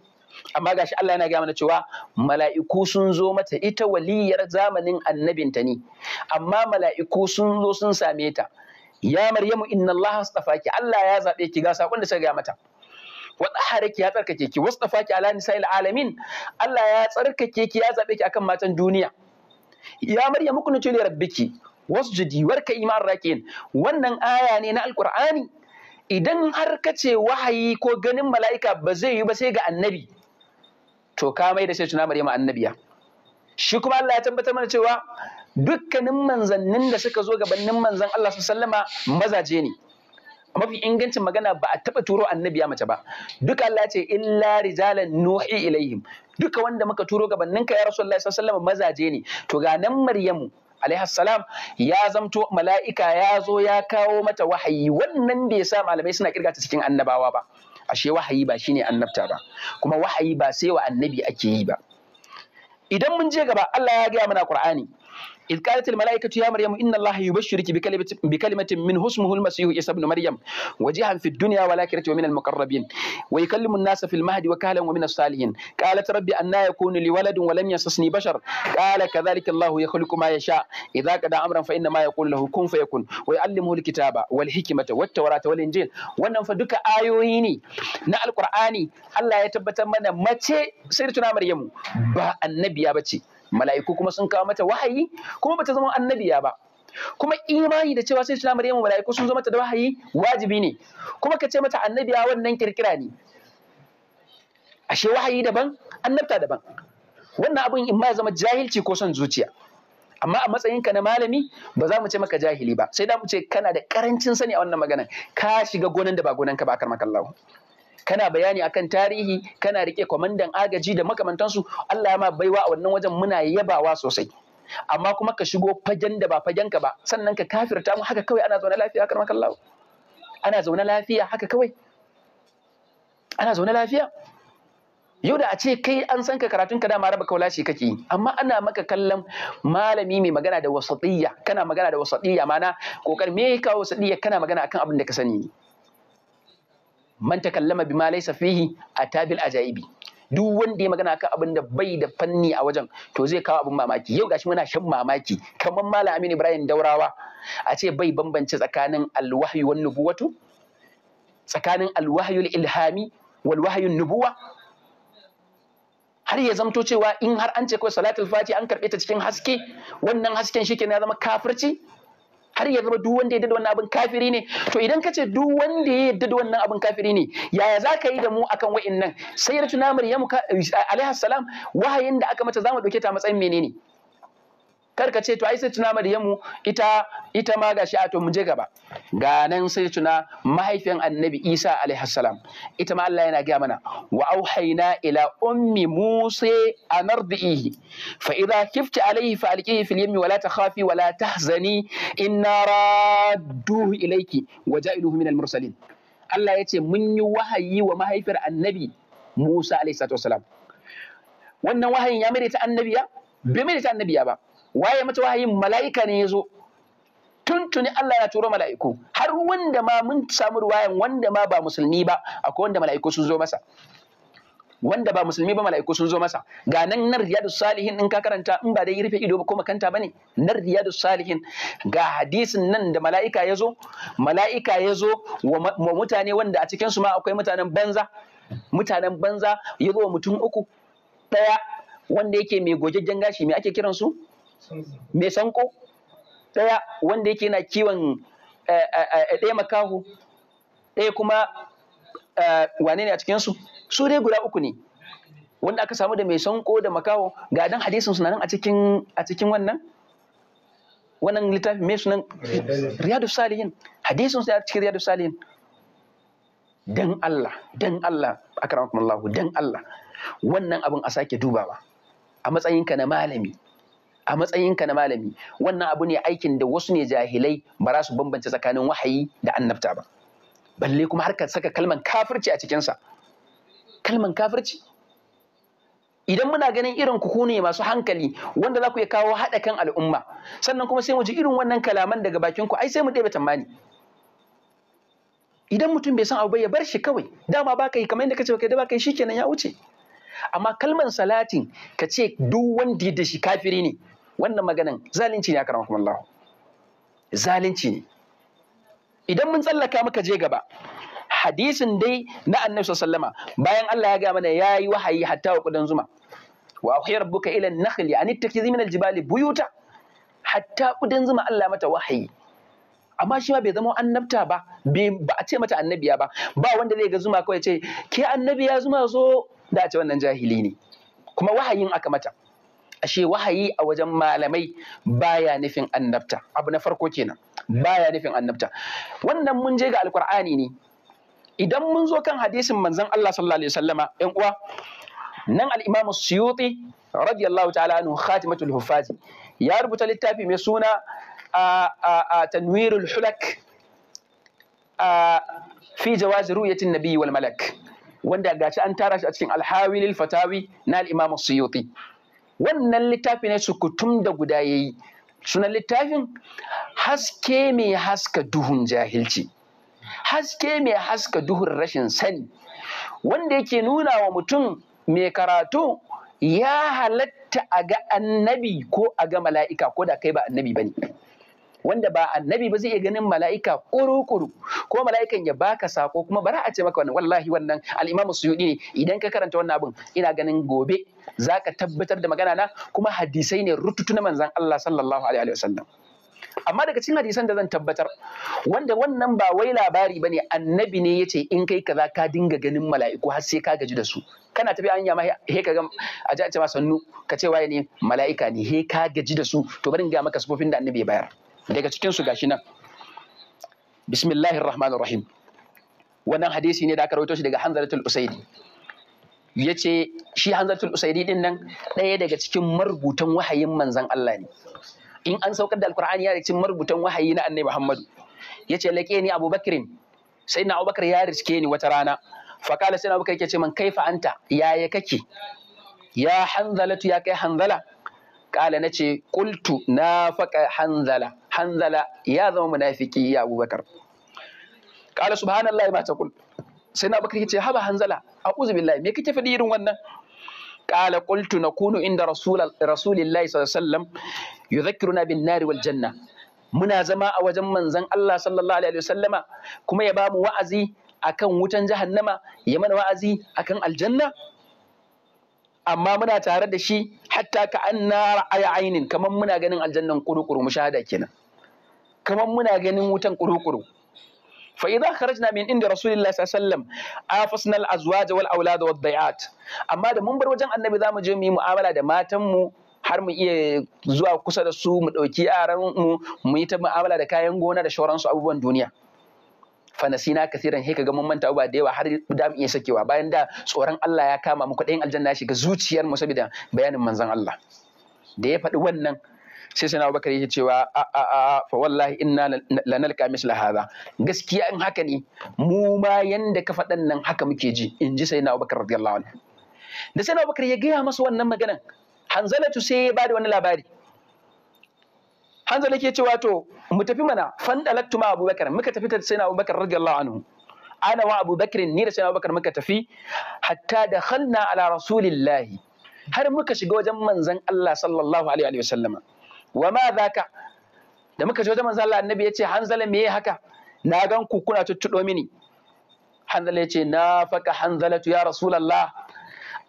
amma gashi Allah yana gaya mana cewa mala'iku sun zo mata ita waliyar zamanin annabinta ne amma mala'iku sun zo sun same ta ya maryamu inna allaha astafaki allah ya zabe ki ga sakon da sai mata wa tsaharaki ya tsarkake ki wastafaki ala nisa'il alamin allah ya tsarkake ki ya zabe ki akan matan duniya ya maryamu kunu tuli rabbiki wasjudi warka iman raqin wannan aya ne na alqur'ani idan har ka ce wahayi ko ganin mala'ika ba zai yi ba sai ga annabi to ka mai da sai tuna Maryamu annabiya shi kuma Allah ya tabbatar mana cewa dukkanin manzannin da suka zo gabanin manzan Allah sallama mazaje ne mafi ingancin magana ba a taɓa turo annabi ya mace ba duka Allah ce illa rijalan nuhi ilaihim duka wanda muka turo gabanin ka ya rasulullahi sallallahu alaihi mazaje ne to ga nan maryamu alaihi ya zamto mala'ika ya zo ya kawo mata wahayi wannan bai sa malamai suna kirga ta cikin annabawa ba ashe wahayi ba shine annabta ba kuma wahayi ba sai wa annabi ake yi ba idan mun je gaba Allah ya gaya mana Qur'ani إذ قالت الملائكة يا مريم إن الله يبشرك بكلمة, بكلمة من اسمه المسيح عيسى ابن مريم وجيها في الدنيا والآخرة ومن المقربين ويكلم الناس في المهد وكهلا ومن الصالحين قالت ربي أنا يكون لي ولد ولم يمسسني بشر قال كذلك الله يخلق ما يشاء إذا قضى أمرا فإنما يقول له كن فيكون ويعلمه الكتاب والحكمة والتوراة والإنجيل wannan fa duka ayoyi ne na alkur'ani Allah ya tabbatar mana mace sai tuna Maryamu ba annabiya bace mala'iku kuma sun kawo mata wahayi kuma bata zama annabiya ba kuma imani da cewa sai islam Maryamu mala'iku sun zama mata da wahayi wajibi ne kuma ka ce mata annabiya wannan kirkira ne ashe wahayi daban annabta daban wannan abun in ma ya zama jahilci ko son zuciya amma a matsayinka na malami ba za mu ce maka jahili ba sai da mu ce kana da karancin sani a wannan maganan ka shiga gonan da ba gonan ka ba kar makallahu kana bayani akan tarihi kana rike kwamandan agaji da makamantansu Allah ya ma baiwa a wannan wajen muna yabawa sosai amma kuma ka shigo fagen da ba fagen ka ba sannan ka kafirta mu haka kawai ana zaune lafiya kan makallahu ana zaune lafiya haka kawai ana zaune lafiya yau da a ce kai an san ka karatun ka dama raba shi kake yi amma ana maka kallon malami mai magana da wasatiyya kana magana da wasatiyya mana kokar me ya kawo wasatiyya kana magana akan abin da ka sani man takallama bima laysa fihi atabil ajaibi duk wanda ya magana kan abin da bai da fanni a wajen to zai kawo abin mamaki yau gashi muna shan mamaki kamar malam Aminu Ibrahim Daurawa a ce bai bambance tsakanin alwahyu wan nubuwatu tsakanin alwahyul ilhami wal nubuwa har ya zamto cewa in har an ce kawai salatul fati an karɓi ta cikin haske wannan hasken shi ya zama kafirci har ya zama duk wanda ya dada wannan abin kafiri ne to idan ka ce duk wanda ya dada wannan abin kafiri ne yaya za ka yi da mu akan wa'in nan? sai ya tuna maryamu eh, alaihi salam wahayin da aka mata zamu dauke ta matsayin menene kar ka ce to ai sai tuna Maryamu ita ita ma gashi a to mu je gaba ga nan sai tuna mahaifiyan Annabi Isa alaihi salam ita ma Allah yana gaya mana wa auhayna ila ummi Musa an ardihi fa idha khifti alayhi fa alqihi fil yammi wa la takhafi wa la tahzani inna radduhu ilayki wa ja'iluhu min al mursalin Allah ya ce mun yi wahayi wa mahaifiyar Annabi Musa alaihi salatu wasalam wannan wahayin ya mai ta annabiya bai mai annabiya ba waye mata wahayin mala'ika ne ya zo tuntuni Allah ya turo mala'iku har wanda ma mun samu ruwayan wanda ma ba musulmi ba akwai wanda mala'iku sun zo masa wanda ba musulmi ba mala'iku sun zo masa ga nan na riyadu salihin in ka karanta in ba dai rufe ido ba ko makanta bane na riyadu salihin ga hadisin nan da mala'ika ya zo mala'ika ya zo wa mutane wanda a cikin su ma akwai mutanen banza mutanen banza ya zo wa mutum uku ɗaya wanda yake mai gogaggen gashi me ake kiransu. su mai sanko ɗaya wanda yake na kiwon eh, eh, eh, ɗaya makaho ɗaya kuma wane ne a cikinsu su dai guda uku ne wanda aka samu da mai sanko da makaho ga dan hadisin sunanan a cikin a cikin wannan wannan littafi mai sunan riyadu salihin hadisin sai a cikin riyadu salihin dan Allah dan Allah akramakumullahu dan Allah wannan abin a sake dubawa a matsayinka na malami a matsayinka na malami wannan abu ne aikin da wasu ne jahilai ba za su bambance tsakanin wahayi da annabta ba balle kuma har ka saka kalman kafirci a cikinsa kalman kafirci idan muna ganin irin ku ne masu hankali wanda za ku iya kawo haɗa kan al'umma sannan kuma sai mu ji irin wannan kalaman daga bakin ku ai sai mu ɗebe tambani idan mutum bai san abu ya bar shi kawai dama ba ka yi kamar yadda kace kai da ba ka yi shikenan ya wuce amma kalman salatin ka ce duk wanda da shi kafiri ne wannan maganan zalunci ne kuma Allah zalunci ne idan mun tsallaka muka je gaba hadisin dai na annabi sallama bayan Allah ya ga mana yi wahayi hatta wa kudan zuma wa ahiya rabbuka ila an-nakhli an min al-jibali buyuta hatta kudan zuma Allah mata wahayi amma shi ma bai zama annabta ba ba a ce mata annabiya ba ba wanda zai ga zuma kawai ce ke annabiya zuma zo da a ce wannan jahili ne kuma wahayin aka mata ashe wahayi a wajen malamai baya nufin annabta abu na farko kenan baya nufin annabta wannan mun je ga alkur'ani ne idan mun zo kan hadisin manzon Allah sallallahu alaihi wasallama uwa nan al-Imam Suyuti radiyallahu ta'ala anhu khatimatul huffaz ya rubuta littafi mai suna a tanwirul hulak fi jawaz ru'yatin nabiyyi wal malak wanda gashi an tara shi a cikin alhawilil fatawi na al-Imam Suyuti wannan littafi ne su kutum da guda ya yi sunan littafin haske mai haska duhun jahilci haske mai haska duhun rashin sani wanda yake nuna wa mutum mai karatu ya halatta a ga annabi ko a ga mala'ika ko da kai ba annabi ba ne wanda ba annabi ba zai iya ganin mala'ika kuru-kuru ko mala'ikan ya baka sako kuma bara a ce maka wannan wallahi wannan al'imam suyudi ne idan ka karanta wannan abin ina ganin gobe za ka tabbatar da magana na kuma hadisai ne rututu na manzan Allah sallallahu alaihi sallam amma daga cikin hadisan da zan tabbatar wanda wannan ba wai labari bane annabi ne yace in kai kaza ka dinga ganin mala'iku har sai ka gaji da su kana tafi an yama he ka ga a ji a ce ma sannu ka ce waye ne mala'ika ne he ka gaji da su to bari in ga maka sufofin da annabi ya bayar daga cikinsu gashi nan bismillahir rahmanir rahim wannan hadisi ne da aka rawaito shi daga hanzalatul usaidi yace shi hanzalatul usaidi din nan ɗaya daga cikin marubutan wahayin manzon Allah ne in an saukar da alqur'ani ya daga cikin marubutan wahayi na annabi muhammadu yace ni abubakrin sai na abubakar ya riske ni wata rana Fa sai na abubakar yake ce man kaifa anta yaya kake ya hanzalatu ya kai hanzala kala nace qultu na faqa hanzala hanzala ya zama munafiki ya abubakar qala subhanallahi ma taqul sai na bakar yace haba hanzala a'udhu billahi me kake faɗi irin wannan qala qultu nakunu inda rasul rasulillahi sallallahu alaihi wasallam yudhakkiruna bin nari wal janna muna zama a wajen manzon Allah sallallahu alaihi wasallama kuma ya bamu wa'azi akan wutan jahannama ya mana wa'azi akan aljanna amma muna tare da shi hatta ka an na ainin kamar muna ganin aljannan kuru-kuru mushahada kenan kamar muna ganin wutan kurukuru fa idza kharajna min inda rasulillahi sallallahu alaihi wasallam afasna al azwaj wal aulad wad dayat amma da mun bar wajen annabi zamu je mu yi mu'amala da matan mu har mu iya zuwa kusa da su mu ɗauki yaran mu mu yi ta mu'amala da kayan gona da shauransu abubuwan duniya fanasina kasiran he kaga mun manta ba da yawa har da mu iya sakewa bayan da tsoron Allah ya kama mu kuɗin aljanna shiga zuciyar mu saboda bayanin manzon Allah da ya faɗi wannan sai sai Abubakar ya cewa a a a fa wallahi inna lanalqa misla hadha gaskiya in haka ne mu ma yanda ka faɗan nan haka muke ji in ji sai Abubakar radiyallahu anhu da sai Abubakar ya gaya masa wannan maganan Hanzalatu sai ya bada wani labari Hanzala ke cewa to mu tafi mana dalattu ma Abubakar muka tafi ta sai Abubakar radiyallahu anhu ana wa Abu ni da sai na abubakar muka tafi hatta da khalna ala rasulillahi har muka shiga wajen manzon Allah sallallahu alaihi wa sallama wa ma da muka je wajen manzo Allah annabi ce, hanzala me haka na gan ku kuna tuttudo mini hanzala ce na faka hanzalatu ya rasulallah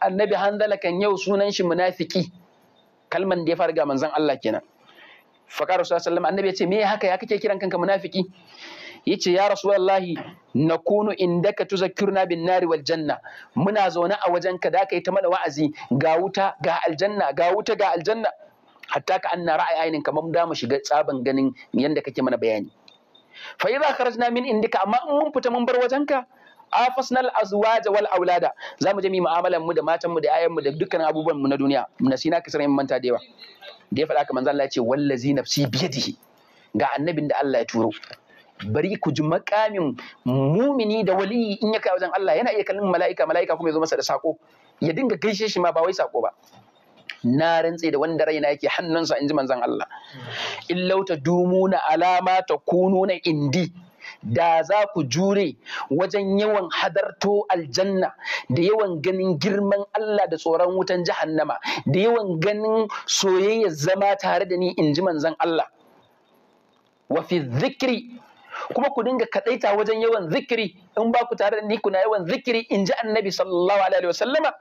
annabi hanzala kan yau sunan shi munafiki kalman da ya farga manzon Allah kenan faka ya sallallahu annabi ce me haka ya kake kiran kanka munafiki yace ya rasulullahi nakunu indaka tuzakkiruna bin nari wal janna muna zaune a wajenka da ka yi ta mana wa'azi ga wuta ga aljanna ga wuta ga aljanna hatta ka anna ra'ayi ainin kamar da mu shiga tsaban ganin yanda kake mana bayani fa idza kharajna min indika amma in mun fita mun bar wajenka afasnal azwaj wal aulada zamu je mu mu'amalan mu da matan mu da ayan mu da dukkan abubuwan mu na duniya na nasina kasar in manta da yawa da ya faɗa ka manzo Allah ya ce wallazi nafsi biyadihi ga annabin da Allah ya turo bari ku ji makamin mumini da wali in ya kai wajen Allah yana iya kallon mala'ika mala'ika kuma ya zo masa da sako ya dinga gaishe shi ma ba wai sako ba na rantse da wanda raina yake hannunsa in ji manzan Allah in lauta na alama ta kunu na indi da za ku jure wajen yawan hadarto aljanna da yawan ganin girman Allah da tsoron wutan jahannama da yawan ganin soyayya zama tare da ni in ji manzan Allah wa fi kuma ku dinga kadaita wajen yawan zikiri in ba ku tare da ni kuna yawan zikiri in ji annabi sallallahu alaihi wasallama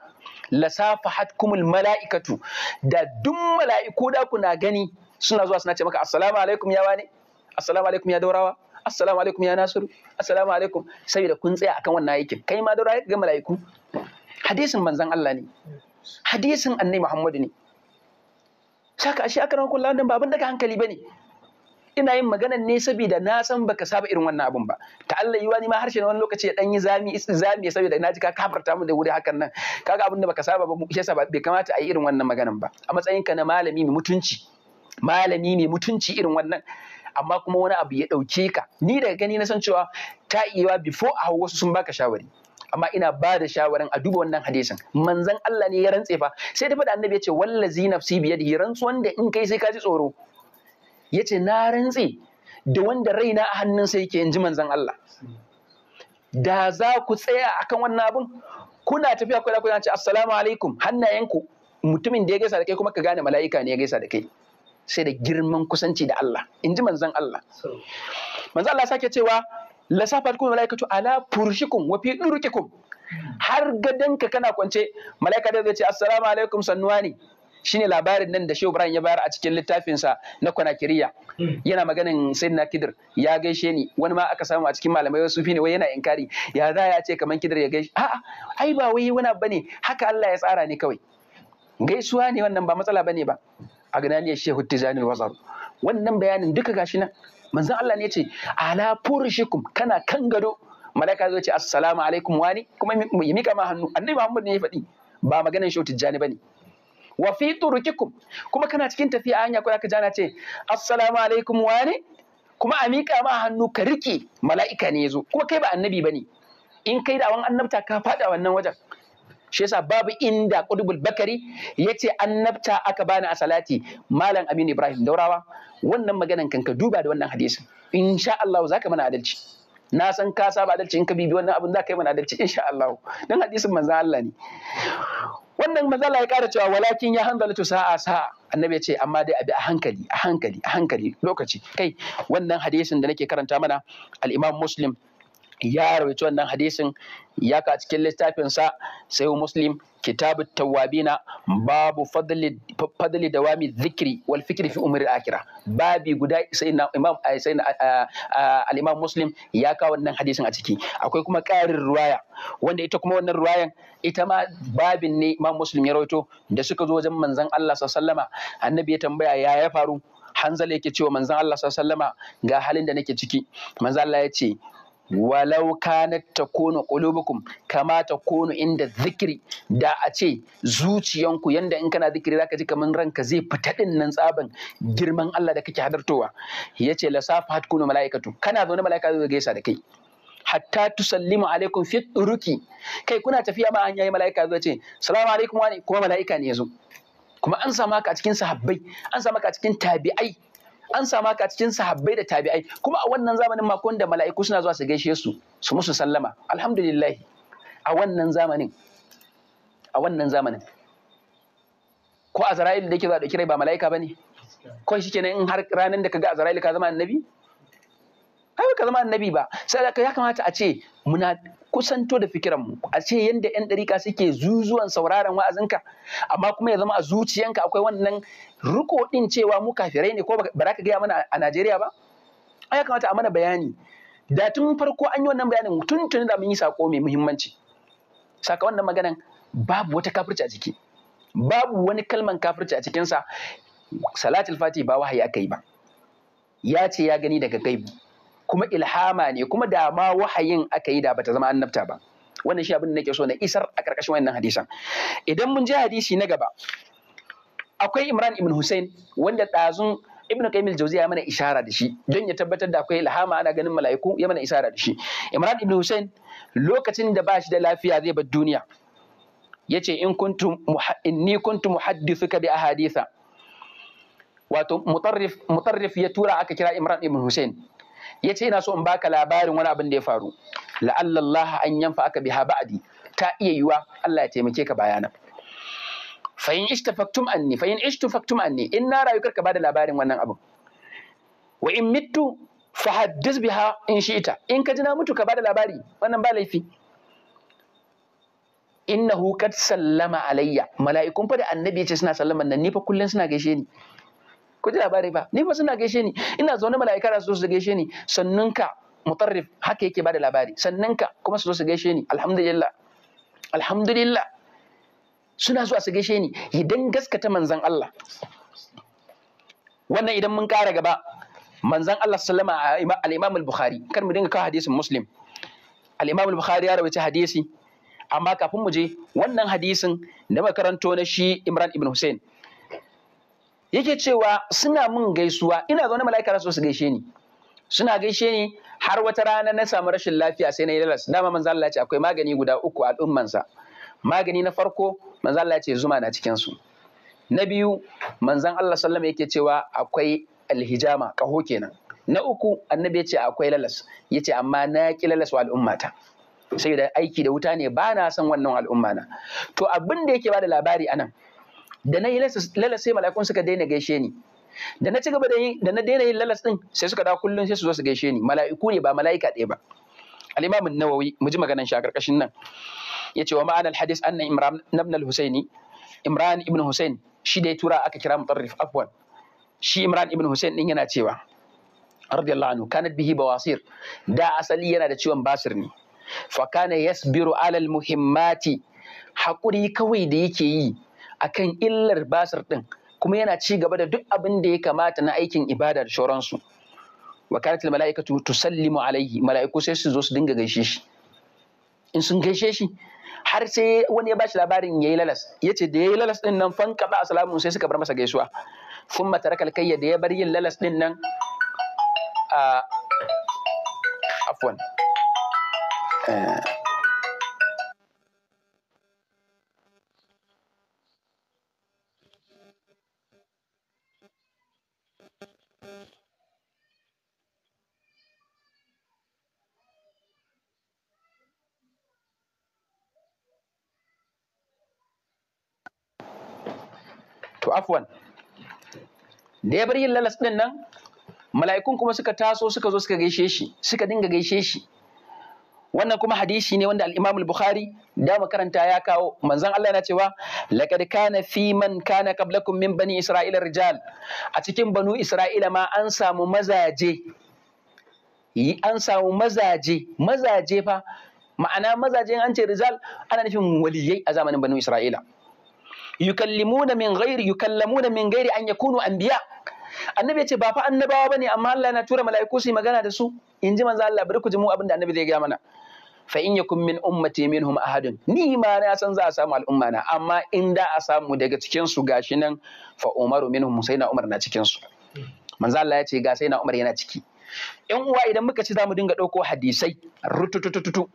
lasafahatkumul mala'ikatu da duk mala'iku da kuna gani suna zuwa suna ce maka assalamu alaikum ya wane assalamu alaikum ya daurawa assalamu alaikum ya nasiru assalamu alaikum saboda kun tsaya akan wannan aikin kai ma daurawa ga mala'iku hadisin manzon Allah ne hadisin annabi Muhammad ne saka ashe aka ran kullawan dan ba abin daga hankali bane ina yin maganan ne saboda na san baka saba irin wannan abun ba ta Allah yiwa ni ma harshe na wani lokaci ya dan yi zami zami saboda na ji ka kafarta mu da wuri hakan nan kaga abin da baka saba ba shi ba? bai kamata a yi irin wannan maganan ba a matsayinka na malami mai mutunci malami mai mutunci irin wannan amma kuma wani abu ya dauke ka ni daga gani na san cewa ta iya before a hau wasu sun baka shawari amma ina ba da shawaran a duba wannan hadisin manzon Allah ne ya rantse fa sai da faɗa annabi ya ce wallazi nafsi biyadihi rantsuwan da in kai sai ka ji tsoro ya ce na rantse da wanda raina a hannun yake in ji manzan Allah da za ku tsaya akan wannan abun? kuna tafiya kuna kuna ce assalamu alaikum hannayenku mutumin da ya gaisa da kai kuma ka gane mala'ika ne ya gaisa da kai sai da girman kusanci da Allah in ji Allah Manzan Allah sake cewa lasafat kuma mala'ikatu ala furshikum wa fi durukikum har gadanka kana kwance mala'ika da zai ce assalamu alaikum sannuwa ne shine labarin nan da Shehu Ibrahim ya bayar a cikin littafinsa na Konakiriya hmm. yana maganin Sayyidina Kidir ya gaishe ni wani ma aka samu a cikin malamai wasu fi ne wai yana inkari ya za ya ce kaman Kidir ya gaishe a'a ai ba wai wani bane haka Allah ya tsara ne kawai gaisuwa ne wannan ba matsala bane ba a ganaliyar Shehu Tijanil Wazar wannan bayanin duka gashi nan manzon Allah ne ya ce ala furshikum kana kan gado malaika zai ce assalamu alaikum wani kuma ya mika ma hannu annabi Muhammad ne ya faɗi ba maganar Shehu Tijjani bane wa fi turukikum kuma kana cikin tafiya hanya ko aka jana ce assalamu alaikum wani kuma a miƙa ma hannu ka riƙe mala'ika ne yazo kuma kai ba annabi bane in kai da wan annabta ka faɗa wannan wajen shi yasa babu inda qudbul bakari yace annabta aka bani a salati malam amin ibrahim daurawa wannan maganan kan ka duba da wannan hadisin insha Allah zaka mana adalci na san ka saba adalci in ka bibi wannan abin ka yi mana adalci insha Allah dan hadisin manzon Allah ne wannan manzala ya ƙara cewa walakin ya hanzalatu sa'a sa'a annabi ya ce amma dai abi a hankali a hankali a hankali lokaci kai wannan hadisin da nake karanta mana al-imam muslim ya rawaito wannan hadisin ya ka cikin littafinsa sai muslim kitabu tawabina babu fadli dawami zikri wal fikri fi umri akira babi guda sai na imam eh, sai eh, eh, al imam muslim ya kawo wannan hadisin a ciki akwai kuma ƙarin ruwaya wanda ita kuma wannan ruwayan ita ma babin ne imam muslim ya rawaito da suka zo wajen manzon Allah sallallahu alaihi wasallama annabi ya tambaya ya ya faru hanzala yake cewa manzon Allah sallallahu alaihi wasallama ga halin da nake ciki manzon Allah ya ce walau kanat kono qulubukum kama kono inda zikiri da a ce zuciyanku yanda in kana zikiri zaka ji kamar ranka zai fita din nan tsaban girman Allah da kake hadartowa yace la safat kunu malaikatu kana zaune malaika zai gaisa da kai hatta tusallimu alaikum fi turuki kai kuna tafiya ma an yayi malaika zai ce salamu alaikum wani kuma malaika ne yazo kuma an sama ka a cikin sahabbai an sama ka a cikin tabi'ai an sama ka cikin sahabbai da tabi'ai kuma a wannan zamanin ma da mala'iku suna zuwa su gaishe su su musu sallama alhamdulillah a wannan zamanin a wannan zamanin ko azra'il da yake za da dauki rai ba mala'ika bane ko shi kenan in har ranar da kaga azra'il ka zama annabi ai ka zama annabi ba sai da ya kamata a ce muna kusanto da fikiranmu a ce yadda 'yan ɗarika suke zuzuwan sauraron wa'azinka amma kuma ya zama a zuciyanka akwai wannan riko din cewa mu kafirai ne ko ba za ka gaya mana a Najeriya ba? Ai ya kamata a mana bayani. Da tun farko an yi wannan bayanin tun tun da mun yi sako mai muhimmanci. Saka wannan maganan babu wata kafirci a ciki. Babu wani kalman kafirci a cikinsa. Salatul Fati ba wahayi aka yi ba. Ya ce ya gani daga gaibu. kuma ilhama ne kuma da ma wahayin aka yi da bata zama annabta ba wannan shi abin da nake so na isar a karkashin wannan hadisan idan mun je hadisi na gaba akwai Imran ibn Hussein wanda dazun Ibn Qayyim al-Jawziya mana ishara da shi don ya tabbatar da akwai ilhama ana ganin mala'iku ya mana ishara da shi Imran ibn Hussein lokacin da ba shi da lafiya zai bar duniya yace in kuntu inni kuntu muhaddithuka bi ahaditha wato mutarrif mutarrif ya tura aka kira Imran ibn Hussein ya ce ina so in baka labarin wani abin da ya faru la'allallah an yanfa aka biha ba'adi ta iya yiwa Allah ya taimake ka bayana fayin ishtafaktum anni fayin ishtafaktum anni in na rayu karka bada labarin wannan abin wa in mittu fa haddis biha in shi'ita in ka ji mutu ka bada labari wannan ba laifi innahu kad sallama alayya mala'ikun fa da annabi ya ce suna sallama nan ni fa kullun suna gaishe ni ku ji labari ba ni ba suna gaishe ni ina zaune mala'ika da su su gaishe ni sannan ka mutarrif haka yake bada labari sannan ka kuma su zo su gaishe ni alhamdulillah alhamdulillah suna zuwa su gaishe ni idan gaskata manzon Allah wannan idan mun kara gaba manzon Allah sallama al-Imam al-Bukhari kar mu dinga kawo hadisin Muslim al-Imam al-Bukhari ya rawaita hadisi amma kafin mu je wannan hadisin da makaranto na shi Imran ibn Hussein yake cewa suna mun gaisuwa ina zaune mala'ika za su gaishe ni suna gaishe ni har wata rana na samu rashin lafiya sai na yi lalas dama manzo Allah ce akwai magani guda uku a al'ummansa magani na farko manzo Allah ce zuma na cikin su na biyu manzon Allah sallama yake cewa akwai alhijama kaho kenan na uku annabi ya ce akwai lalas ya ce amma na ki lalas wa al'ummata sai da aiki da wuta ne ba na son wannan al'umma na to abin da yake ba da labari anan da na yi lalace mala'ikun suka daina gaishe ni da na ci gaba da da na daina yin lalas din sai suka dawo kullun sai su zo su gaishe ni mala'iku ne ba mala'ika ɗaya ba al-imam an-nawawi mu ji maganan shi a karkashin nan yace wa ma'ana al-hadis anna imran ibn al-husaini imran ibn husain shi da ya tura aka kira mutarrif afwan shi imran ibn husain din yana cewa radiyallahu anhu kanat bihi bawasir da asali yana da ciwon basir ne fa kana yasbiru ala al-muhimmati haƙuri kawai da yake yi akan illar basir ɗin kuma yana ci gaba da duk abin da ya kamata na aikin ibada da shauransu wa tu al malaikatu tusallimu alaihi malaiku sai su zo su dinga gaishe shi in sun gaishe shi har sai wani ya bashi labarin yayi lalas ce da ya yi lalas ɗin nan fan kaba assalamu sai suka bar masa gaisuwa thumma tarakal kayya da ya bar yin lalas din nan a afwan eh, afwan da ya bar yin lalas ɗin nan mala'ikun kuma suka taso suka zo suka gaishe shi suka dinga gaishe shi wannan kuma hadisi ne wanda al-Imam al-Bukhari da makaranta ya kawo manzon Allah yana cewa laqad kana fi man kana qablakum min bani isra'ila rijal a cikin banu isra'ila ma an samu mazaje an samu mazaje mazaje fa ma'ana mazaje an ce rijal ana nufin waliyai a zamanin banu isra'ila yukallimuna min ghairi yukallamuna min ghairi an yakunu anbiya annabi yace ba fa annabawa bane amma Allah yana tura mala'iku su yi magana da su in ji manzo Allah bari ku ji mu abin da annabi zai gaya mana fa in yakum min ummati minhum ahadun ni ma na san za a samu al'umma na amma in da a samu daga cikin su gashi nan fa umaru minhum sai na umar na cikin su manzo Allah ya ce ga sai na umar yana ciki yan uwa idan muka ci za mu dinga ɗauko hadisai rututututu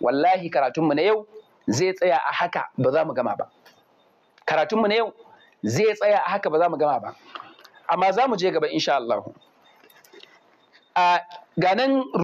wallahi karatunmu na yau zai tsaya a haka ba za mu gama ba karatunmu na yau zai tsaya a haka ba za mu gama ba amma za mu je gaba insha Allah a ah, ganan